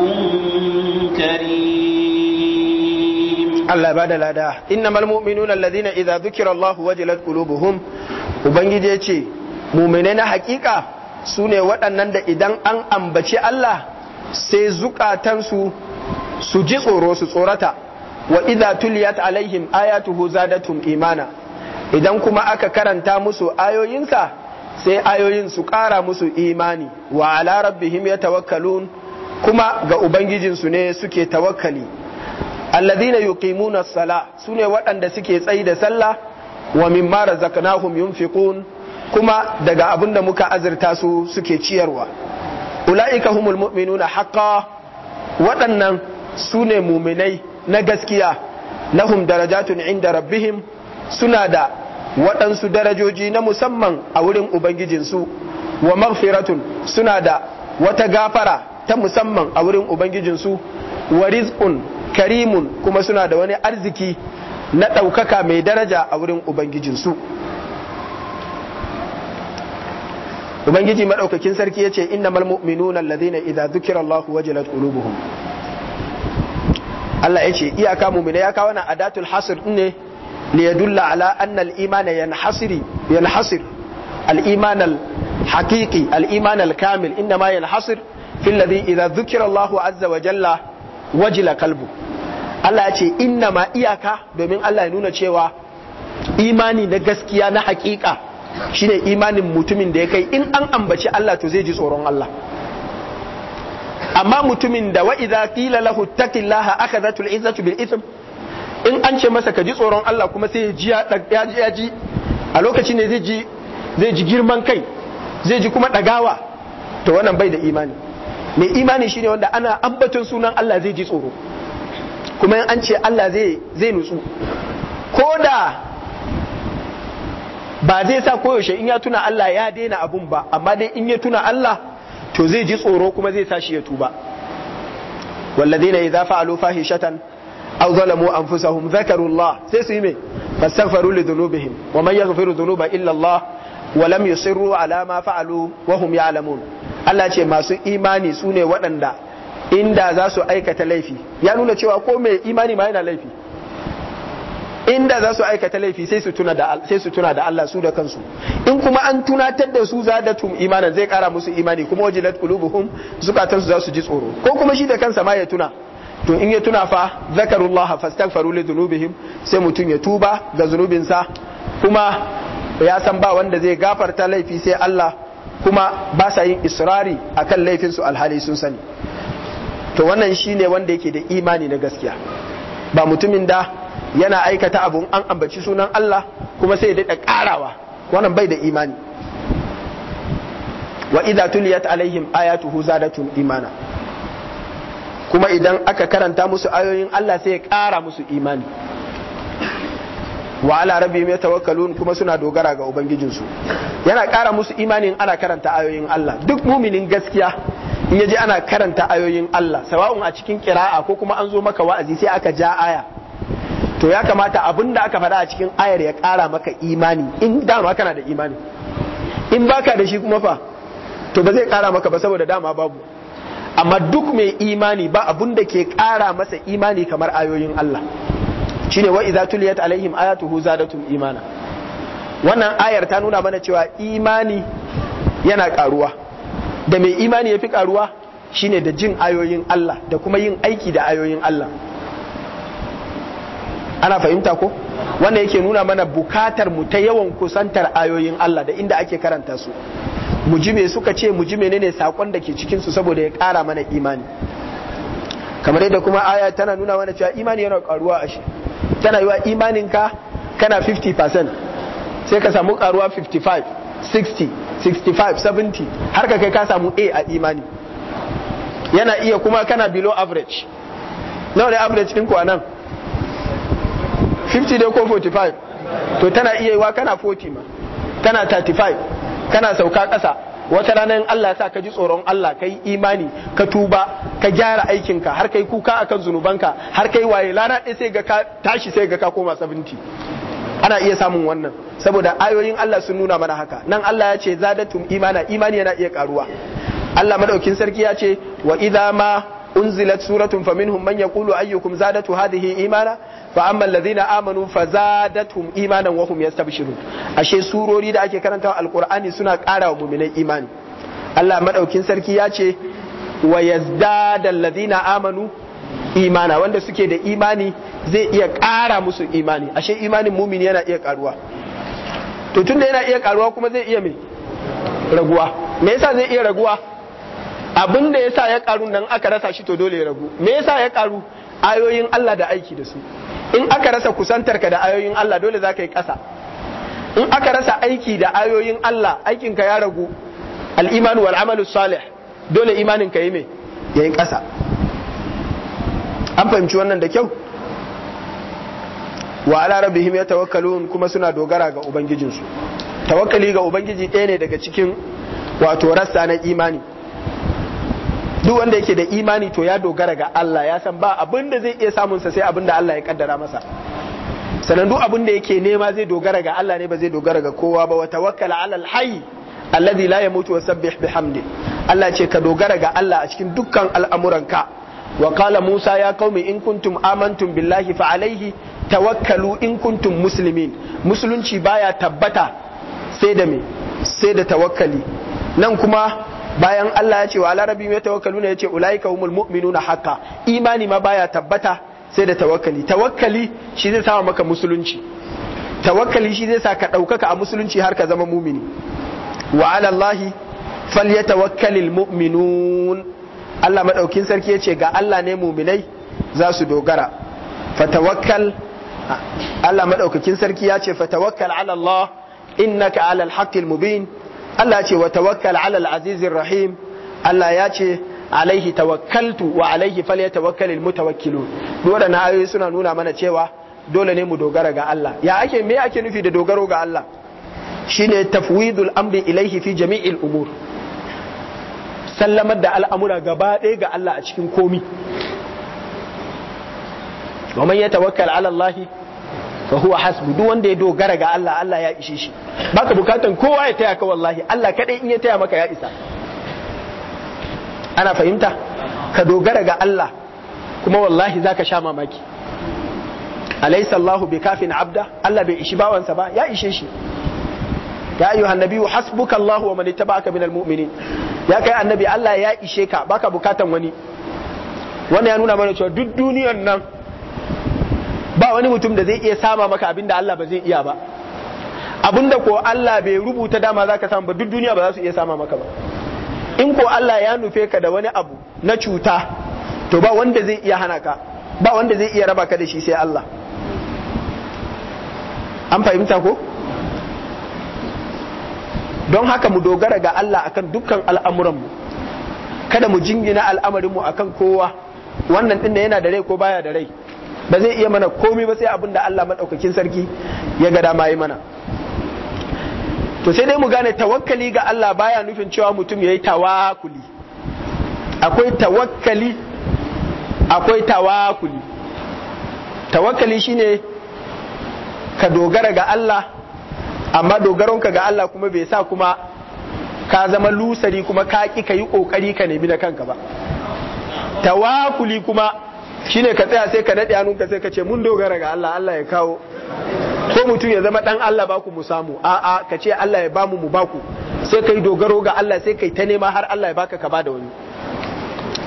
B: كريم الله بعد لا إنما المؤمنون الذين إذا
A: ذكر الله وجلت قلوبهم وبنجي يجي مؤمنين حقيقة sune waɗannan da idan an ambaci Allah sai zukatansu su ji tsoro su tsorata wa idza tuliyat alaihim ayatuhu zadatum imana idan kuma aka karanta musu ayoyinsa sai ayoyin su ƙara musu imani wa ala rabbihim yatawakkalun kuma ga ubangijinsu ne suke tawakkali alladhina yuqimuna as-sala sune waɗanda suke tsayi da sallah wa mimma razaqnahum yunfiqun kuma daga abin muka azurta su suke ciyarwa ula'ika humul mu'minuna haqqan waɗannan sune muminai na gaskiya lahum darajatun inda rabbihim suna da waɗansu darajoji na musamman a wurin ubangijinsu wa maghfiratun suna da wata gafara ta musamman a wurin ubangijinsu wa rizqun karimun kuma suna da wani arziki na ɗaukaka mai daraja a wurin ubangijinsu ubangiji madaukakin sarki yace innamal mu'minuna alladhina idza dhukira Allahu wajilat qulubuhum Allah ya ce iyaka mu'mina ya kawo nan adatul hasr ne li yadulla ala anna al imana yanhasiri yanhasir al iman haqiqi al kamil inna ma yanhasir fil ladhi idza dhukira Allah azza wa jalla wajila qalbu Allah ya ce inna ma iyaka domin Allah ya nuna cewa imani na gaskiya na haƙiƙa shine imanin mutumin da ya kai in an ambaci Allah to zai ji tsoron Allah amma mutumin da wa idza qila lahu taqillaha akhadhatu al-izzatu bil ithm in an ce masa ka ji tsoron Allah kuma sai ya ji ya ji a lokacin ne zai ji zai ji girman kai zai ji kuma dagawa to wannan bai da imani mai imani shine wanda ana ambaton sunan Allah zai ji tsoro kuma in an ce Allah zai zai nutsu koda ba zai sa koyaushe in ya tuna Allah ya daina abun ba amma dai in ya tuna Allah to zai ji tsoro kuma zai tashi ya tuba walladheena idza fa'alu fahishatan aw zalamu anfusahum dhakaru Allah sai su yi me fastaghfiru li dhunubihim wa man yaghfiru dhunuba illa Allah wa lam yusirru ala ma fa'alu wa hum ya'lamun Allah ce masu imani su ne waɗanda inda za su aikata laifi ya nuna cewa ko mai imani ma yana laifi inda za su aikata laifi sai su tuna da Allah su da kansu in kuma an tunatar da su tum imanin zai kara musu imani kuma wajilat qulubuhum zukatan su za su ji tsoro ko kuma shi da kansa ma ya tuna to in ya tuna fa zakarullah fastaghfaru li dhunubihim sai mutum ya tuba ga zunubinsa kuma ya san ba wanda zai gafarta laifi sai Allah kuma ba sa yin israri akan laifin su alhali sun sani to wannan shine wanda yake da imani na gaskiya ba mutumin da yana aikata abun an ambaci sunan Allah kuma sai ya daɗa ƙarawa wannan bai da imani wa idza tuliyat alaihim ayatuhu zadatum imana kuma idan aka karanta musu ayoyin Allah sai ya ƙara musu imani wa ala rabbihim yatawakkalun kuma suna dogara ga ubangijin su yana ƙara musu imani in ana karanta ayoyin Allah duk muminin gaskiya in yaji ana karanta ayoyin Allah sawa'un a cikin kira'a ko kuma an zo maka wa'azi sai aka ja aya to ya kamata abin da aka faɗa a cikin ayar ya kara maka imani in dama kana da imani in baka da shi kuma fa to ba zai ƙara maka ba saboda dama babu amma duk mai imani ba abun da ke kara masa imani kamar ayoyin Allah shine wa idza tuliyat alaihim ayatuhu zadatum imana wannan ayar ta nuna mana cewa imani yana karuwa da mai imani ya fi ƙaruwa shine da jin ayoyin Allah da kuma yin aiki da ayoyin Allah ana fahimta ko wanda yake nuna mana bukatar mu ta yawan kusantar ayoyin Allah da inda ake karanta su mu ji suka ce mu ji ne sakon da ke cikin su saboda ya ƙara mana imani kamar yadda kuma aya tana nuna mana cewa imani yana karuwa ashe tana yiwa imanin ka kana 50% sai ka samu karuwa 55 60 65 70 har ka kai ka samu A a imani yana iya kuma kana below average nawa ne average ɗin ku a 50 dai ko 45 to tana iya yiwa kana 40 ma tana 35 kana sauka kasa wata ranar Allah ya sa ka ji tsoron Allah ka yi imani ka tuba ka gyara aikinka har kai kuka akan zunubanka har kai waye lana ɗaya sai ga ka tashi sai ga ka koma 70 ana iya samun wannan saboda ayoyin Allah sun nuna mana haka nan Allah ya ce zadatum imana imani yana iya karuwa Allah madaukin sarki ya ce wa idza ma unzilat suratun faminhum man yaqulu ayyukum zadatu hadhihi imana fa amma allazina amanu fazadatum imanan wa hum yastabshirun ashe surori da ake karanta alqur'ani suna ƙara wa mu'minai imani Allah madaukin sarki ya ce wa yazdada alladhina amanu imana wanda suke da imani zai iya ƙara musu imani ashe imanin mumini yana iya ƙaruwa to tunda yana iya ƙaruwa kuma zai iya me raguwa me yasa zai iya raguwa abin da yasa ya ƙaru nan aka rasa shi to dole ya ragu me yasa ya ƙaru ayoyin Allah da aiki da su in aka rasa kusantarka da ayoyin Allah dole za ka yi ƙasa in aka rasa aiki da ayoyin Allah aikinka ya ragu al'imanu wal amalu salih dole imanin ka yi me ya yi ƙasa an fahimci wannan da kyau wa ala rabbihim yatawakkalun kuma suna dogara ga ubangijinsu tawakkali ga ubangiji ɗaya ne daga cikin wato rassa na imani duk wanda yake da imani to ya dogara ga Allah ya san ba abin da zai iya samun sa sai abin da Allah ya kaddara masa sanan duk abin da yake nema zai dogara ga Allah ne ba zai dogara ga kowa ba wa tawakkal ala al-hayy alladhi la yamutu wa sabbih bihamdi Allah ce ka dogara ga Allah a cikin dukkan al'amuranka wa qala Musa ya qaumi in kuntum amantum billahi fa alayhi tawakkalu in kuntum muslimin musulunci baya tabbata sai da me sai da tawakkali nan kuma bayan Allah ya ce wa larabi mai ne ya ce ulaika humul mu'minuna haqqa imani ma baya tabbata sai da tawakkali tawakkali shi zai sa maka musulunci tawakkali shi zai sa ka ɗaukaka a musulunci har ka zama mumini wa allahi falyatawakkalul mu'minun Allah madaukin sarki ya ce ga Allah ne muminai za su dogara fatawakkal Allah madaukakin sarki ya ce tawakkal ala Allah innaka ala alhaqqil mubin Allah ce wa tawakkal ala al’azizin rahim Allah ya ce alaihi tawakkaltu wa alaihi fal falyatawakkalul mutawakkilun dole na ayoyi suna nuna mana cewa dole ne mu dogara ga Allah ya ake me ake nufi da dogaro ga Allah shine tafwidul amri ilaihi fi jami'il umur sallamar da al'amura gaba ɗaya ga Allah a cikin komi ومن ya tawakkal الله fa huwa hasbu duk wanda ya dogara ga Allah Allah ya ishe shi baka bukatan kowa ya taya ka wallahi Allah kadai in ya taya maka ya isa ana fahimta ka dogara ga Allah kuma wallahi zaka sha mamaki alaysa bi kafin abda Allah bai ishi bawansa ba ya ishe shi ya ayyuhan annabi hasbuka Allah wa man ittaba'aka minal mu'minin ya kai annabi Allah ya ishe ka baka bukatan wani wannan ya nuna mana cewa duk duniyar nan ba wani mutum da zai iya sama maka abin da Allah ba zai iya ba abin da ko Allah bai rubuta dama za ka samu ba duk duniya ba za su iya sama maka ba in ko Allah ya nufe ka da wani abu na cuta to ba wanda zai iya hana ka ba wanda zai iya raba ka da shi sai Allah an fahimta ko don haka mu dogara ga Allah akan dukkan al'amuranmu kada mu jingina al'amarinmu akan kowa wannan ɗin yana da rai ko baya da rai ba zai iya mana komi ba sai abin da Allah maɗaukakin sarki ya ga dama yi mana to sai dai mu gane tawakkali ga Allah baya nufin cewa mutum ya yi tawakuli akwai tawakkali akwai tawakuli tawakkali shine ka dogara ga Allah amma dogaronka ga Allah kuma bai sa kuma ka zama lusari kuma ka ƙi ka yi ƙoƙari ka nemi da kanka ba tawakuli kuma shine ka tsaya sai ka daɗe hannunka sai ka ce mun dogara ga Allah Allah ya kawo ko mutum ya zama ɗan Allah baku mu samu a'a ka ce Allah ya bamu mu baku sai ka yi dogaro ga Allah sai ka yi ta nema har Allah ya baka ka ba da wani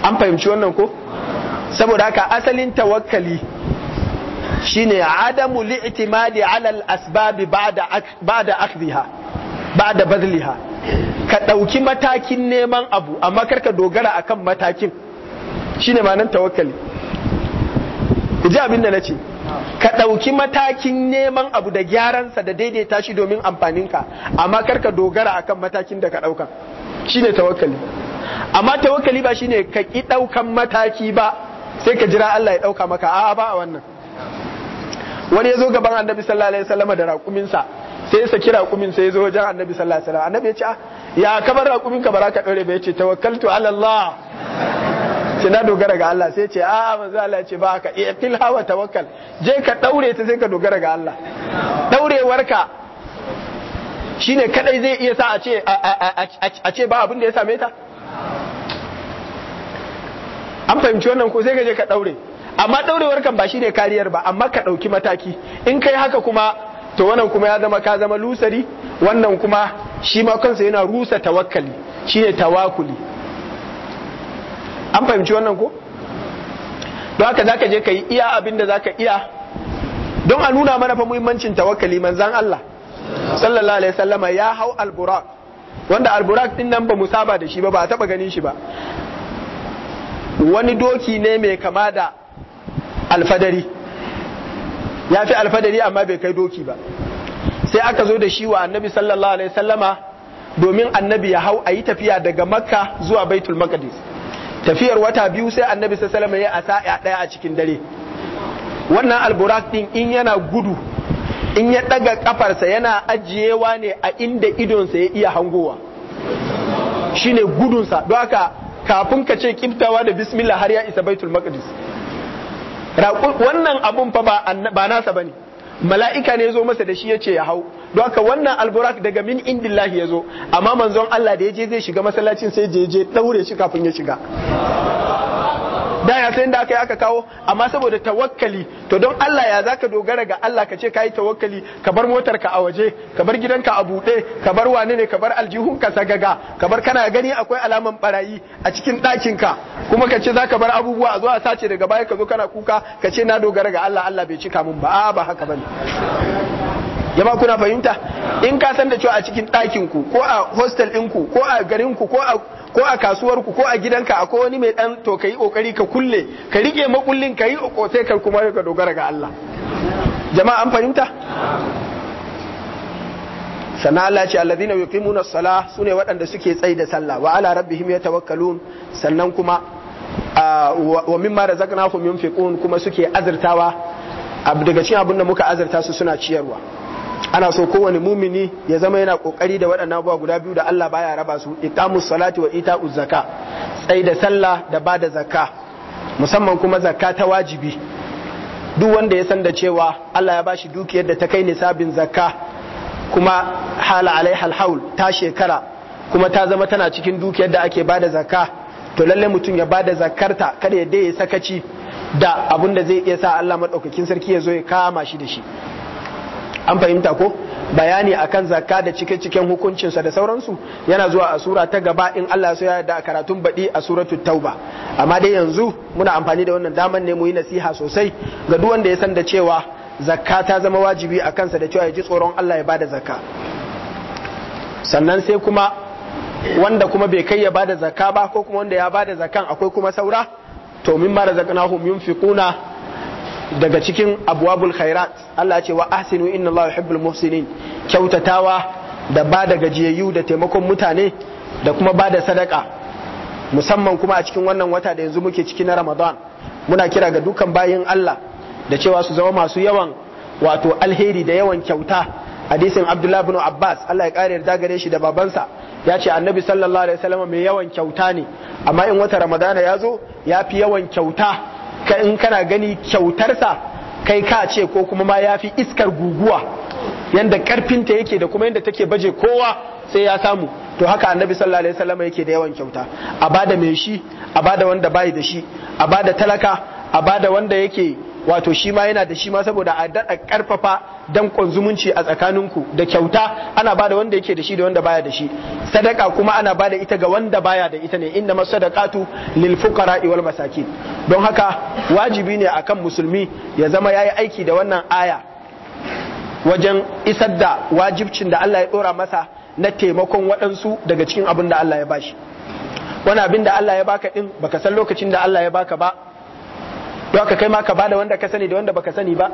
A: an fahimci wannan ko saboda haka asalin tawakkali shine adamu li'timadi ala al-asbab ba'da ba'da akhdhiha ba'da badliha ka ɗauki matakin neman abu amma karka dogara akan matakin shine nan tawakkali ku ji abin da na ce ka ɗauki matakin neman abu da gyaransa da daidaita shi domin amfaninka amma kar ka dogara kan matakin da ka ɗauka shine tawakali amma tawakali ba shine ka ƙi ɗaukan mataki ba sai ka jira Allah ya ɗauka maka a'a ba a wannan wani ya zo gaban annabi sallallahu alaihi wasallam da raƙuminsa sai ya saki raƙumin sai ya zo wajen annabi sallallahu alaihi wasallam annabi ya ce ah, ya kabar raƙumin ka ɗaure ba ya ce tawakkaltu ala Allah ce na dogara ga Allah sai ce a'a manzo Allah ce ba haka iqil eh, hawa tawakkal je ka daure ta sai ka dogara ga Allah daurewarka shine kadai zai iya sa a ce a ce ba abin da ya same ta an fahimci wannan ko sai ka je ka daure amma daurewar kan ba shine kariyar ba amma ka dauki mataki in kai haka kuma to wannan kuma ya zama ka zama lusari wannan kuma shi ma kansa yana rusa tawakkali shine tawakuli an fahimci wannan ko don haka za ka je ka yi iya abin da za ka iya don a nuna mana fa muhimmancin tawakkali manzan Allah sallallahu alaihi sallama ya hau alburak wanda alburak din nan ba mu saba da shi ba ba a taba ganin shi ba wani doki ne mai kama da alfadari ya fi alfadari amma bai kai doki ba sai aka zo da shi wa annabi sallallahu alaihi sallama domin annabi ya hau a yi tafiya daga makka zuwa baitul maqdis tafiyar wata biyu sai annabi sallallahu alaihi wasallam ya a ɗaya a cikin dare wannan alburak din in yana gudu in ya daga kafarsa yana ajiyewa ne a inda idonsa ya iya hangowa shine gudunsa don haka kafin ka ce kiftawa da bismillah har ya isa baitul maqdis wannan abun fa ba nasa bane mala'ika ne ya zo masa da shi ya ce ya hau don haka wannan alburak daga min indillahi ya zo amma manzon Allah da ya je zai shiga masallacin sai je je daure shi kafin ya shiga da ya sai da kai aka kawo amma saboda tawakkali to don Allah ya zaka dogara ga Allah ka ce kai tawakkali ka bar motar ka a waje ka bar gidanka a buɗe ka bar wane ne ka bar aljihun ka sagaga ka bar kana gani akwai alaman barayi a cikin ɗakin ka kuma ka ce zaka bar abubuwa a zo a sace daga baya ka zo kana kuka ka ce na dogara ga Allah Allah bai cika mun ba a ba haka bane jama kuna fahimta in ka san da cewa a cikin ɗakin ku ko a hostel ɗin ku ko a garin ku ko a ko a kasuwar ku ko a gidanka akwai wani mai dan to kai kokari ka kulle ka rike makullin ka yi sai ka kuma ka dogara ga Allah jama'a an fahimta sana Allah ce alladhina yuqimuna as-salah sune waɗanda suke tsayi da sallah wa ala rabbihim yatawakkalun sannan kuma wa mimma razaqnahum yunfiqun kuma suke azurtawa daga cikin abin da muka azurta su suna ciyarwa ana so kowane mumini ya zama yana kokari da waɗannan abubuwa guda biyu da Allah baya raba su iqamus salati wa ita'uz zakka tsai da sallah da bada da zakka musamman kuma zakka ta wajibi duk wanda ya san da cewa Allah ya bashi dukiyar da ta kai nisabin zakka kuma hala alaiha alhaul ta shekara kuma ta zama tana cikin dukiyar da ake bada zakka to lalle mutum ya bada zakarta kada ya dai ya sakaci da abun da zai iya sa Allah madaukakin sarki ya zo ya kama shi da shi an fahimta ko bayani akan zakka da cike ciken hukuncinsa da sauransu yana zuwa a sura ta gaba in Allah so ya da karatun baɗi a suratu tauba amma dai yanzu muna amfani da wannan daman ne mu yi nasiha sosai ga duk wanda ya san da cewa zakka ta zama wajibi a kansa da cewa ya ji tsoron Allah ya bada zakka sannan sai kuma wanda kuma bai kai ya bada zakka ba ko kuma wanda ya bada zakkan akwai kuma saura to min mara zaknahum yunfiquna daga cikin abwabul khairat Allah ce wa ahsinu inna Allah yuhibbul muhsinin kyautatawa da ba da gajiyayyu da taimakon mutane da kuma ba da sadaka musamman kuma a cikin wannan wata da yanzu muke ciki na Ramadan muna kira ga dukan bayan Allah da cewa su zama masu yawan wato alheri da yawan kyauta hadisin Abdullah bin Abbas Allah ya kare da gare shi da babansa ya ce annabi sallallahu alaihi wasallam mai yawan kyauta ne amma in wata Ramadana ya zo ya fi yawan kyauta Ka in kana gani kyautarsa kai ka ce ko kuma ma ya fi iskar guguwa yanda karfinta yake da kuma yanda take baje kowa sai ya samu to haka annabi sallallahu alaihi wasallam yake da yawan kyauta a bada mai shi a bada wanda bai da shi a bada talaka a bada wanda yake wato shi ma yana da shi ma saboda a daɗa ƙarfafa danƙon zumunci a tsakaninku da kyauta ana bada wanda yake da shi da wanda baya da shi sadaka kuma ana bada ita ga wanda baya da ita ne inda masadaqatu lil fuqara wal masakin don haka wajibi ne akan musulmi ya zama yayi aiki da wannan aya wajen isar da wajibcin da Allah ya dora masa na taimakon waɗansu daga cikin abin da Allah ya bashi wani abin da Allah ya baka din baka san lokacin da Allah ya baka ba don haka kai ma ka bada wanda ka sani da wanda baka sani ba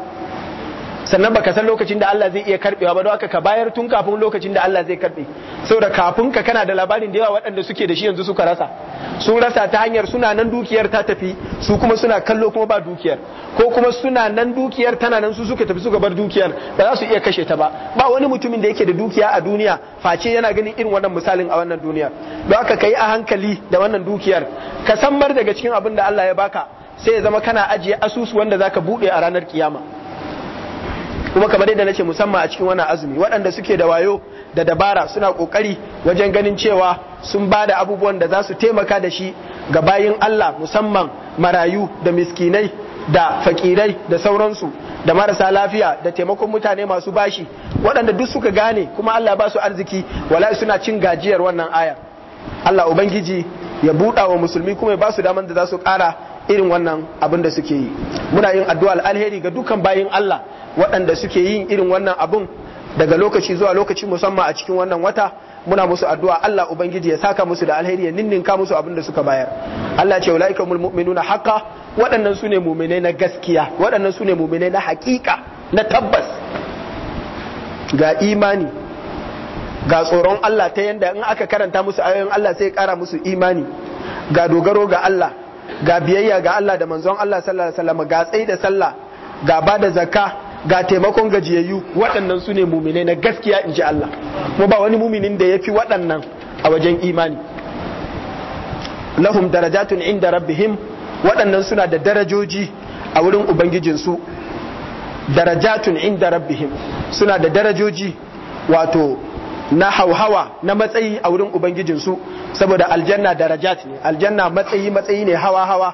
A: sannan baka san lokacin da Allah zai iya karbewa ba don haka ka bayar tun kafin lokacin da Allah zai karbe saboda kafin ka kana da labarin da yawa waɗanda suke da shi yanzu suka rasa sun rasa ta hanyar suna nan dukiyar ta tafi su kuma suna kallo kuma ba dukiyar ko kuma suna nan dukiyar tana nan su suka tafi suka bar dukiyar ba za su iya kashe ta ba ba wani mutumin da yake da dukiya a duniya face yana ganin irin wannan misalin a wannan duniya don haka kai a hankali da wannan dukiyar ka san daga cikin abin da Allah ya baka sai ya zama kana ajiye asusu wanda zaka bude a ranar kiyama kuma kamar yadda nace musamman a cikin wannan azumi waɗanda suke da wayo da dabara suna kokari wajen ganin cewa sun ba da abubuwan da zasu taimaka da shi ga bayin Allah musamman marayu da miskinai da fakirai da sauransu da marasa lafiya da taimakon mutane masu bashi waɗanda duk suka gane kuma Allah ba su arziki wala suna cin gajiyar wannan aya Allah ubangiji ya buɗa wa musulmi kuma ya ba su daman da za su ƙara irin wannan abin da suke yi muna yin addu'a alheri ga dukkan bayin Allah waɗanda suke yin irin wannan abin daga lokaci zuwa lokaci musamman a cikin wannan wata muna musu addu'a Allah ubangiji ya saka musu da alheri ya ninninka musu abin da suka bayar Allah ce ulaika mu'minuna haqqan waɗannan sune mu'minai na gaskiya waɗannan sune mu'minai na haƙiƙa na tabbas ga imani ga tsoron Allah ta yanda in aka karanta musu ayoyin Allah sai ya ƙara musu imani ga dogaro ga Allah ga biyayya ga Allah da manzon Allah sallallahu alaihi wasallam ga tsayi da sallah ga ba da zakka ga taimakon gajiyayyu waɗannan su ne muminai na gaskiya in ji Allah Mu ba wani muminin da ya fi waɗannan a wajen imani lahum darajatun inda rabbihim waɗannan suna da darajoji a wurin ubangijinsu darajatun inda rabbihim suna da darajoji wato na hauhawa na matsayi a wurin ubangijinsu saboda aljanna darajat ne aljanna matsayi matsayi ne hawa hawa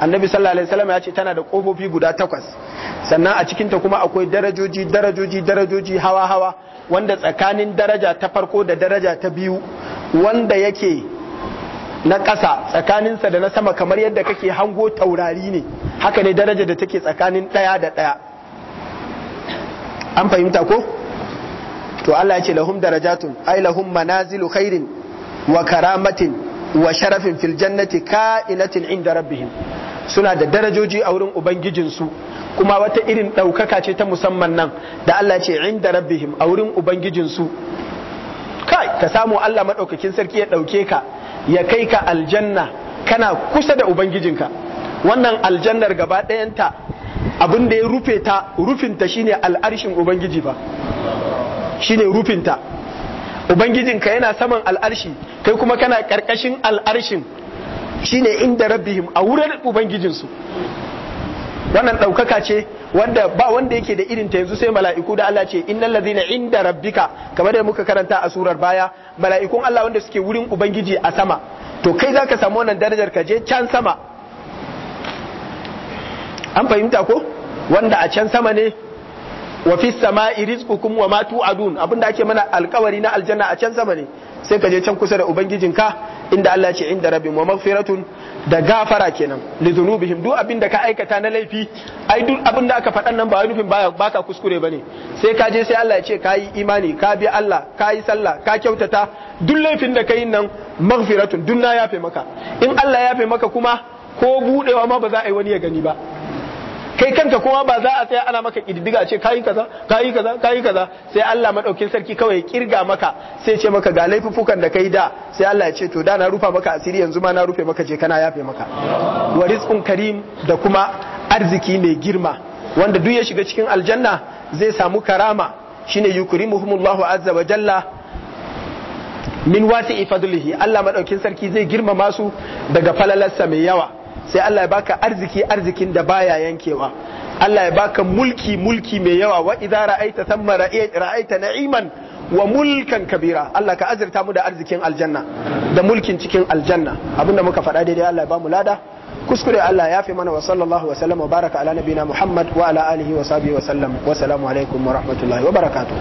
A: annabi sallallahu alaihi wasallam ya ce tana da kofofi guda takwas sannan a cikinta kuma akwai darajoji darajoji darajoji hawa hawa wanda tsakanin daraja ta farko da daraja ta biyu wanda yake na ƙasa tsakaninsa da na sama kamar yadda kake hango taurari ne haka ne daraja da take tsakanin ɗaya da ɗaya an fahimta ko to Allah ya ce lahum darajatun ai lahum manazilu khairin wa karamatin wa sharafin fil jannati ka'inatin inda rabbihim suna da darajoji a wurin ubangijinsu kuma wata irin ɗaukaka ce ta musamman nan da Allah ce inda rabbihim a wurin ubangijinsu kai ka samu Allah maɗaukakin sarki ya ɗauke ka ya kai ka aljanna kana kusa da ubangijinka wannan aljannar gaba ɗayanta abin da ya rufe ta rufinta shine al'arshin ubangiji ba shine rufinta ka yana saman al'arshi kai kuma kana karkashin al'arshin shine inda rabbihim a wurin ubangijinsu wannan ɗaukaka ce wanda ba wanda yake da irin ta yanzu sai mala'iku da Allah ce innal ladhina inda rabbika kamar da muka karanta a surar baya mala'ikun Allah wanda suke wurin ubangiji a sama to kai zaka samu wannan darajar ka je can sama an fahimta ko wanda a can sama ne wa fi sama'i rizqukum wa ma tu'adun abinda ake mana alkawari na aljanna a can sama ne sai ka je can kusa da ubangijinka inda Allah ce inda rabbi wa maghfiratun da gafara kenan li dhunubihim duk abinda ka aikata na laifi ai duk abinda aka faɗan nan ba wai nufin ba baka kuskure bane sai ka je sai Allah ya ce kayi imani ka bi Allah kayi sallah ka kyautata duk laifin da kai nan maghfiratun duk na yafe maka in Allah ya yafe maka kuma ko budewa ma ba za a yi wani ya gani ba kai kanka kuma ba za a tsaya ana maka kididdiga ce kayi kaza kayi kaza kayi kaza sai Allah madaukin sarki kawai ya kirga maka sai ce maka ga laifuffukan da kai da sai Allah ya ce to da na rufa maka asiri yanzu ma na rufe maka je kana yafe maka wa rizqun karim da kuma arziki mai girma wanda duk ya shiga cikin aljanna zai samu karama shine yukrimuhumullahu azza wa jalla min wasi'i fadlihi Allah madaukin sarki zai girmama su daga falalarsa mai yawa sai Allah ya baka arziki arzikin da baya yankewa Allah ya baka mulki mulki mai yawa wa idza ra'aita thamma ra'aita na'iman wa mulkan kabira Allah ka azirta mu da arzikin aljanna da mulkin cikin aljanna abinda muka faɗa daidai Allah ya bamu lada kuskure Allah ya fi mana wa sallallahu wa sallam wa baraka ala nabina Muhammad wa ala alihi wa sahbihi wa sallam wa salamu alaikum wa rahmatullahi wa barakatuh